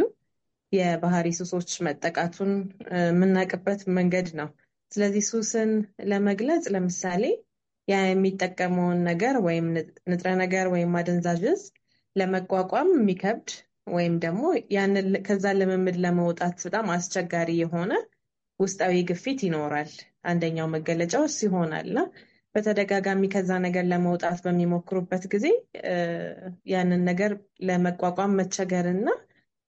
የባህሪ ሱሶች መጠቃቱን የምናውቅበት መንገድ ነው። ስለዚህ ሱስን ለመግለጽ ለምሳሌ ያ የሚጠቀመውን ነገር ወይም ንጥረ ነገር ወይም አደንዛዥ እጽ ለመቋቋም የሚከብድ ወይም ደግሞ ያንን ከዛ ልምምድ ለመውጣት በጣም አስቸጋሪ የሆነ ውስጣዊ ግፊት ይኖራል። አንደኛው መገለጫው ይሆናል እና በተደጋጋሚ ከዛ ነገር ለመውጣት በሚሞክሩበት ጊዜ ያንን ነገር ለመቋቋም መቸገር እና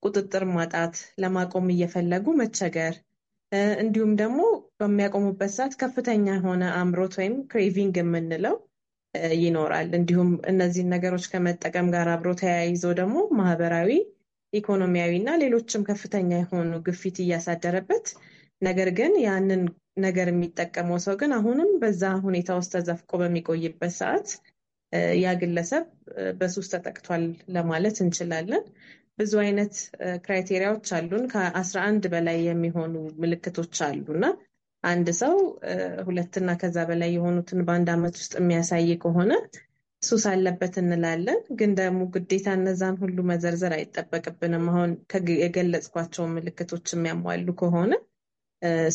ቁጥጥር ማጣት፣ ለማቆም እየፈለጉ መቸገር፣ እንዲሁም ደግሞ በሚያቆሙበት ሰዓት ከፍተኛ የሆነ አምሮት ወይም ክሬቪንግ የምንለው ይኖራል። እንዲሁም እነዚህን ነገሮች ከመጠቀም ጋር አብሮ ተያይዞ ደግሞ ማህበራዊ፣ ኢኮኖሚያዊ እና ሌሎችም ከፍተኛ የሆኑ ግፊት እያሳደረበት ነገር ግን ያንን ነገር የሚጠቀመው ሰው ግን አሁንም በዛ ሁኔታ ውስጥ ተዘፍቆ በሚቆይበት ሰዓት ያ ግለሰብ በሱስ ተጠቅቷል ለማለት እንችላለን። ብዙ አይነት ክራይቴሪያዎች አሉን። ከአስራ አንድ በላይ የሚሆኑ ምልክቶች አሉና አንድ ሰው ሁለትና ከዛ በላይ የሆኑትን በአንድ አመት ውስጥ የሚያሳይ ከሆነ ሱስ አለበት እንላለን። ግን ደግሞ ግዴታ እነዛን ሁሉ መዘርዘር አይጠበቅብንም። አሁን የገለጽኳቸውን ምልክቶች የሚያሟሉ ከሆነ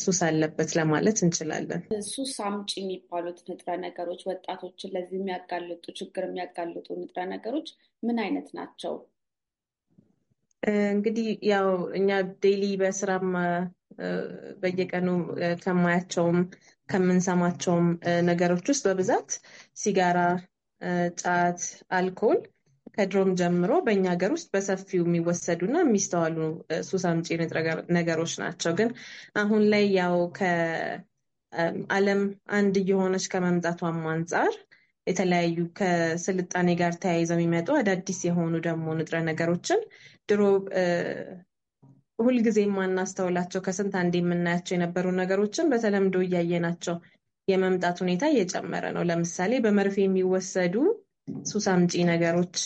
ሱስ አለበት ለማለት እንችላለን። ሱስ አምጪ የሚባሉት ንጥረ ነገሮች ወጣቶችን ለዚህ የሚያጋልጡ ችግር የሚያጋልጡ ንጥረ ነገሮች ምን አይነት ናቸው? እንግዲህ ያው እኛ ዴይሊ በስራም በየቀኑ ከማያቸውም ከምንሰማቸውም ነገሮች ውስጥ በብዛት ሲጋራ፣ ጫት፣ አልኮል ከድሮም ጀምሮ በእኛ ሀገር ውስጥ በሰፊው እና የሚስተዋሉ ሱስ አምጪ ንጥረ ነገሮች ናቸው። ግን አሁን ላይ ያው ከዓለም አንድ እየሆነች ከመምጣቷም አንጻር የተለያዩ ከስልጣኔ ጋር ተያይዘው የሚመጡ አዳዲስ የሆኑ ደግሞ ንጥረ ነገሮችን ድሮ ሁልጊዜ የማናስተውላቸው ከስንት አንድ የምናያቸው የነበሩ ነገሮችን በተለምዶ እያየናቸው የመምጣት ሁኔታ እየጨመረ ነው። ለምሳሌ በመርፌ የሚወሰዱ ሱስ አምጪ ነገሮች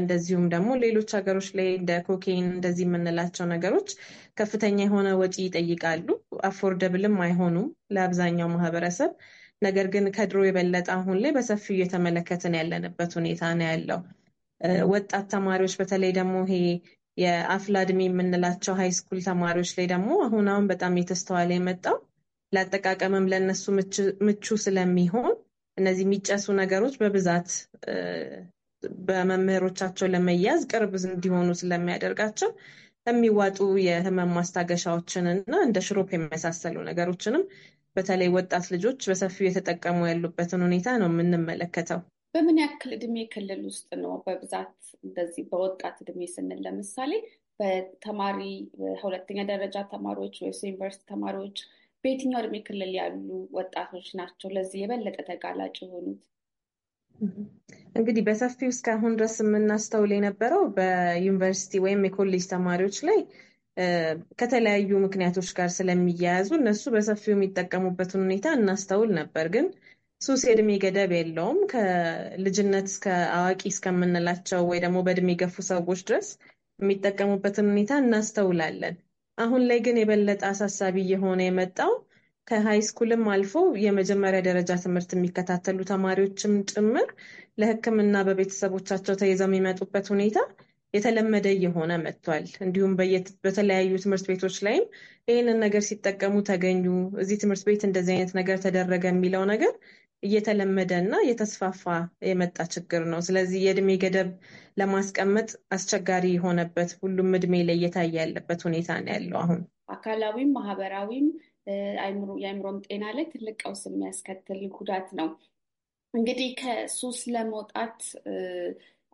እንደዚሁም ደግሞ ሌሎች ሀገሮች ላይ እንደ ኮኬን እንደዚህ የምንላቸው ነገሮች ከፍተኛ የሆነ ወጪ ይጠይቃሉ። አፎርደብልም አይሆኑም ለአብዛኛው ማህበረሰብ። ነገር ግን ከድሮ የበለጠ አሁን ላይ በሰፊው እየተመለከትን ያለንበት ሁኔታ ነው ያለው። ወጣት ተማሪዎች በተለይ ደግሞ ይሄ የአፍላ እድሜ የምንላቸው ሃይስኩል ተማሪዎች ላይ ደግሞ አሁን አሁን በጣም የተስተዋለ የመጣው ለአጠቃቀምም ለእነሱ ምቹ ስለሚሆን እነዚህ የሚጨሱ ነገሮች በብዛት በመምህሮቻቸው ለመያዝ ቅርብ እንዲሆኑ ስለሚያደርጋቸው የሚዋጡ የህመም ማስታገሻዎችን እና እንደ ሽሮፕ የመሳሰሉ ነገሮችንም በተለይ ወጣት ልጆች በሰፊው የተጠቀሙ ያሉበትን ሁኔታ ነው የምንመለከተው። በምን ያክል እድሜ ክልል ውስጥ ነው በብዛት እንደዚህ በወጣት እድሜ ስንል ለምሳሌ በተማሪ ሁለተኛ ደረጃ ተማሪዎች ወይስ ዩኒቨርሲቲ ተማሪዎች በየትኛው እድሜ ክልል ያሉ ወጣቶች ናቸው ለዚህ የበለጠ ተጋላጭ የሆኑት? እንግዲህ በሰፊው እስካሁን ድረስ የምናስተውል የነበረው በዩኒቨርሲቲ ወይም የኮሌጅ ተማሪዎች ላይ ከተለያዩ ምክንያቶች ጋር ስለሚያያዙ እነሱ በሰፊው የሚጠቀሙበትን ሁኔታ እናስተውል ነበር ግን ሱስ የእድሜ ገደብ የለውም። ከልጅነት እስከ አዋቂ እስከምንላቸው ወይ ደግሞ በእድሜ ገፉ ሰዎች ድረስ የሚጠቀሙበትን ሁኔታ እናስተውላለን። አሁን ላይ ግን የበለጠ አሳሳቢ እየሆነ የመጣው ከሀይ ስኩልም አልፎ የመጀመሪያ ደረጃ ትምህርት የሚከታተሉ ተማሪዎችም ጭምር ለሕክምና በቤተሰቦቻቸው ተይዘው የሚመጡበት ሁኔታ የተለመደ እየሆነ መጥቷል። እንዲሁም በተለያዩ ትምህርት ቤቶች ላይም ይህንን ነገር ሲጠቀሙ ተገኙ፣ እዚህ ትምህርት ቤት እንደዚህ አይነት ነገር ተደረገ የሚለው ነገር እየተለመደ እና እየተስፋፋ የመጣ ችግር ነው። ስለዚህ የእድሜ ገደብ ለማስቀመጥ አስቸጋሪ የሆነበት ሁሉም እድሜ ላይ እየታየ ያለበት ሁኔታ ነው ያለው። አሁን አካላዊም ማህበራዊም የአእምሮም ጤና ላይ ትልቅ ቀውስ የሚያስከትል ጉዳት ነው። እንግዲህ ከሱስ ለመውጣት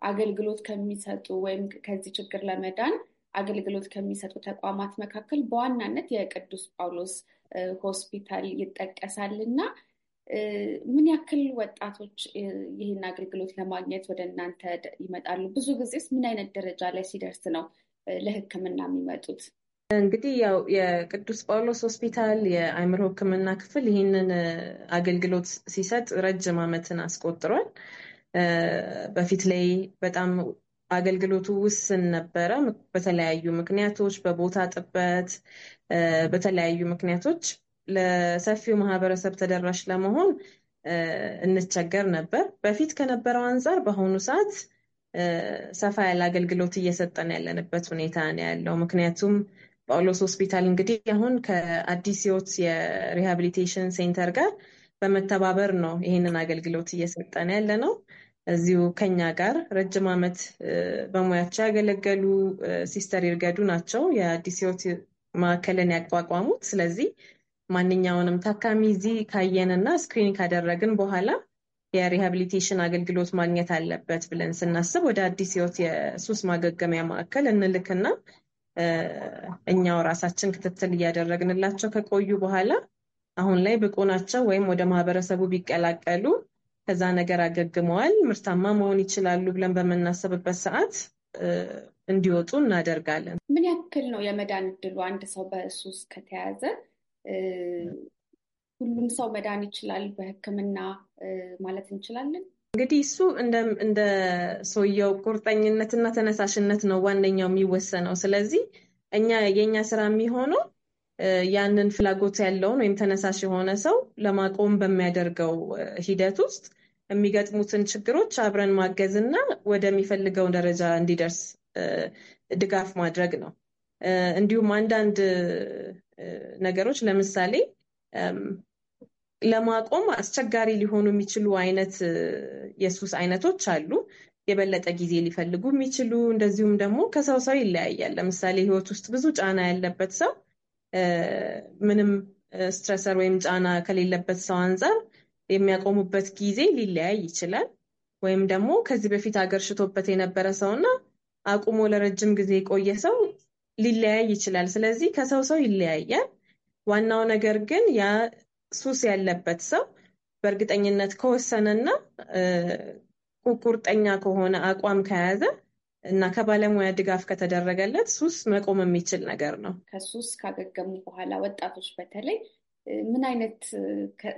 አገልግሎት ከሚሰጡ ወይም ከዚህ ችግር ለመዳን አገልግሎት ከሚሰጡ ተቋማት መካከል በዋናነት የቅዱስ ጳውሎስ ሆስፒታል ይጠቀሳል እና ምን ያክል ወጣቶች ይህን አገልግሎት ለማግኘት ወደ እናንተ ይመጣሉ? ብዙ ጊዜስ ምን አይነት ደረጃ ላይ ሲደርስ ነው ለሕክምና የሚመጡት? እንግዲህ ያው የቅዱስ ጳውሎስ ሆስፒታል የአእምሮ ሕክምና ክፍል ይህንን አገልግሎት ሲሰጥ ረጅም ዓመትን አስቆጥሯል። በፊት ላይ በጣም አገልግሎቱ ውስን ነበረ። በተለያዩ ምክንያቶች፣ በቦታ ጥበት፣ በተለያዩ ምክንያቶች ለሰፊው ማህበረሰብ ተደራሽ ለመሆን እንቸገር ነበር። በፊት ከነበረው አንጻር በአሁኑ ሰዓት ሰፋ ያለ አገልግሎት እየሰጠን ያለንበት ሁኔታ ነው ያለው። ምክንያቱም ጳውሎስ ሆስፒታል እንግዲህ አሁን ከአዲስ ህይወት የሪሃብሊቴሽን ሴንተር ጋር በመተባበር ነው ይህንን አገልግሎት እየሰጠን ያለ ነው። እዚሁ ከኛ ጋር ረጅም ዓመት በሙያቸው ያገለገሉ ሲስተር ይርገዱ ናቸው የአዲስ ህይወት ማዕከልን ያቋቋሙት። ስለዚህ ማንኛውንም ታካሚ እዚህ ካየንና ስክሪን ካደረግን በኋላ የሪሃብሊቴሽን አገልግሎት ማግኘት አለበት ብለን ስናስብ ወደ አዲስ ህይወት የሱስ ማገገሚያ ማዕከል እንልክና እኛው ራሳችን ክትትል እያደረግንላቸው ከቆዩ በኋላ አሁን ላይ ብቁ ናቸው ወይም ወደ ማህበረሰቡ ቢቀላቀሉ ከዛ ነገር አገግመዋል፣ ምርታማ መሆን ይችላሉ ብለን በምናስብበት ሰዓት እንዲወጡ እናደርጋለን። ምን ያክል ነው የመዳን እድሉ አንድ ሰው በሱስ ከተያዘ? ሁሉም ሰው መዳን ይችላል በህክምና ማለት እንችላለን። እንግዲህ እሱ እንደ ሰውየው ቁርጠኝነትና ተነሳሽነት ነው ዋነኛው የሚወሰነው። ስለዚህ እኛ የእኛ ስራ የሚሆነው ያንን ፍላጎት ያለውን ወይም ተነሳሽ የሆነ ሰው ለማቆም በሚያደርገው ሂደት ውስጥ የሚገጥሙትን ችግሮች አብረን ማገዝና ወደሚፈልገውን ደረጃ እንዲደርስ ድጋፍ ማድረግ ነው። እንዲሁም አንዳንድ ነገሮች ለምሳሌ ለማቆም አስቸጋሪ ሊሆኑ የሚችሉ አይነት የሱስ አይነቶች አሉ። የበለጠ ጊዜ ሊፈልጉ የሚችሉ እንደዚሁም ደግሞ ከሰው ሰው ይለያያል። ለምሳሌ ህይወት ውስጥ ብዙ ጫና ያለበት ሰው ምንም ስትረሰር ወይም ጫና ከሌለበት ሰው አንጻር የሚያቆሙበት ጊዜ ሊለያይ ይችላል። ወይም ደግሞ ከዚህ በፊት አገርሽቶበት የነበረ ሰው እና አቁሞ ለረጅም ጊዜ የቆየ ሰው ሊለያይ ይችላል። ስለዚህ ከሰው ሰው ይለያያል። ዋናው ነገር ግን ያ ሱስ ያለበት ሰው በእርግጠኝነት ከወሰነና ቁርጠኛ ከሆነ አቋም ከያዘ እና ከባለሙያ ድጋፍ ከተደረገለት ሱስ መቆም የሚችል ነገር ነው። ከሱስ ካገገሙ በኋላ ወጣቶች በተለይ ምን አይነት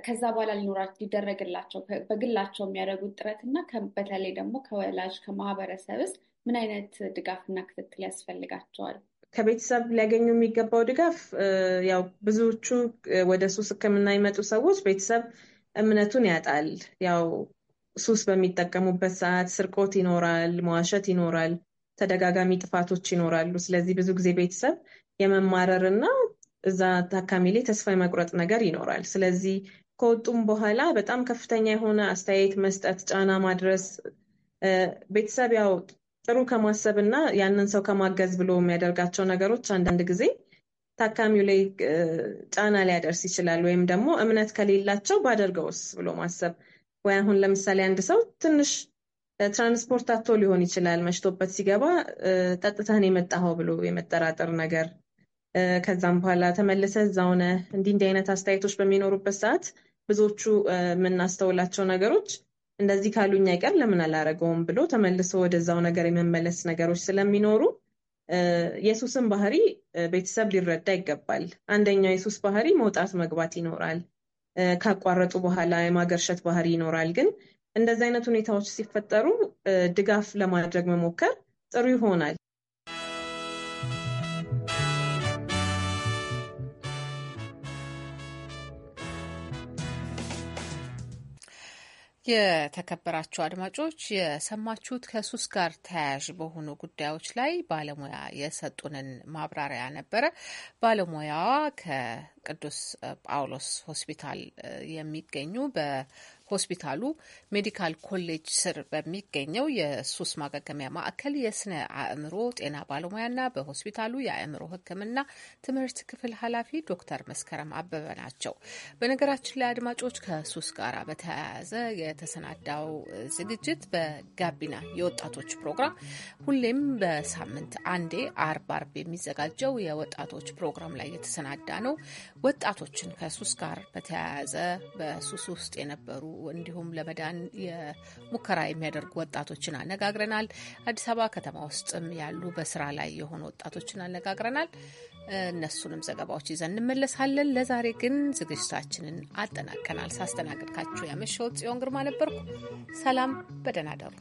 ከዛ በኋላ ሊኖራቸው ሊደረግላቸው በግላቸው የሚያደርጉት ጥረት እና በተለይ ደግሞ ከወላጅ ከማህበረሰብስ ምን አይነት ድጋፍና ክትትል ያስፈልጋቸዋል? ከቤተሰብ ሊያገኙ የሚገባው ድጋፍ ያው ብዙዎቹ ወደ ሱስ ሕክምና የመጡ ሰዎች ቤተሰብ እምነቱን ያጣል። ያው ሱስ በሚጠቀሙበት ሰዓት ስርቆት ይኖራል፣ መዋሸት ይኖራል፣ ተደጋጋሚ ጥፋቶች ይኖራሉ። ስለዚህ ብዙ ጊዜ ቤተሰብ የመማረር እና እዛ ታካሚ ላይ ተስፋ የመቁረጥ ነገር ይኖራል። ስለዚህ ከወጡም በኋላ በጣም ከፍተኛ የሆነ አስተያየት መስጠት፣ ጫና ማድረስ ቤተሰብ ያው ጥሩ ከማሰብ እና ያንን ሰው ከማገዝ ብሎ የሚያደርጋቸው ነገሮች አንዳንድ ጊዜ ታካሚው ላይ ጫና ሊያደርስ ይችላል። ወይም ደግሞ እምነት ከሌላቸው ባደርገውስ ብሎ ማሰብ ወይ አሁን ለምሳሌ አንድ ሰው ትንሽ ትራንስፖርት አቶ ሊሆን ይችላል መሽቶበት ሲገባ ጠጥተህን የመጣኸው ብሎ የመጠራጠር ነገር፣ ከዛም በኋላ ተመልሰ እዛው ነህ። እንዲህ እንዲህ አይነት አስተያየቶች በሚኖሩበት ሰዓት ብዙዎቹ የምናስተውላቸው ነገሮች እንደዚህ ካሉኝ አይቀር ለምን አላረገውም ብሎ ተመልሶ ወደዛው ነገር የመመለስ ነገሮች ስለሚኖሩ የሱስን ባህሪ ቤተሰብ ሊረዳ ይገባል። አንደኛው የሱስ ባህሪ መውጣት መግባት ይኖራል። ካቋረጡ በኋላ የማገርሸት ባህሪ ይኖራል። ግን እንደዚህ አይነት ሁኔታዎች ሲፈጠሩ ድጋፍ ለማድረግ መሞከር ጥሩ ይሆናል። የተከበራችሁ አድማጮች የሰማችሁት ከሱስ ጋር ተያያዥ በሆኑ ጉዳዮች ላይ ባለሙያ የሰጡንን ማብራሪያ ነበረ። ባለሙያዋ ከቅዱስ ጳውሎስ ሆስፒታል የሚገኙ በ ሆስፒታሉ ሜዲካል ኮሌጅ ስር በሚገኘው የሱስ ማገገሚያ ማዕከል የስነ አእምሮ ጤና ባለሙያና በሆስፒታሉ የአእምሮ ሕክምና ትምህርት ክፍል ኃላፊ ዶክተር መስከረም አበበ ናቸው። በነገራችን ላይ አድማጮች ከሱስ ጋር በተያያዘ የተሰናዳው ዝግጅት በጋቢና የወጣቶች ፕሮግራም ሁሌም በሳምንት አንዴ አርብ አርብ የሚዘጋጀው የወጣቶች ፕሮግራም ላይ የተሰናዳ ነው። ወጣቶችን ከሱስ ጋር በተያያዘ በሱስ ውስጥ የነበሩ እንዲሁም ለመዳን የሙከራ የሚያደርጉ ወጣቶችን አነጋግረናል። አዲስ አበባ ከተማ ውስጥም ያሉ በስራ ላይ የሆኑ ወጣቶችን አነጋግረናል። እነሱንም ዘገባዎች ይዘን እንመለሳለን። ለዛሬ ግን ዝግጅታችንን አጠናቀናል። ሳስተናግድካችሁ ያመሸሁት ጽዮን ግርማ ነበርኩ። ሰላም፣ በደህና ደሩ።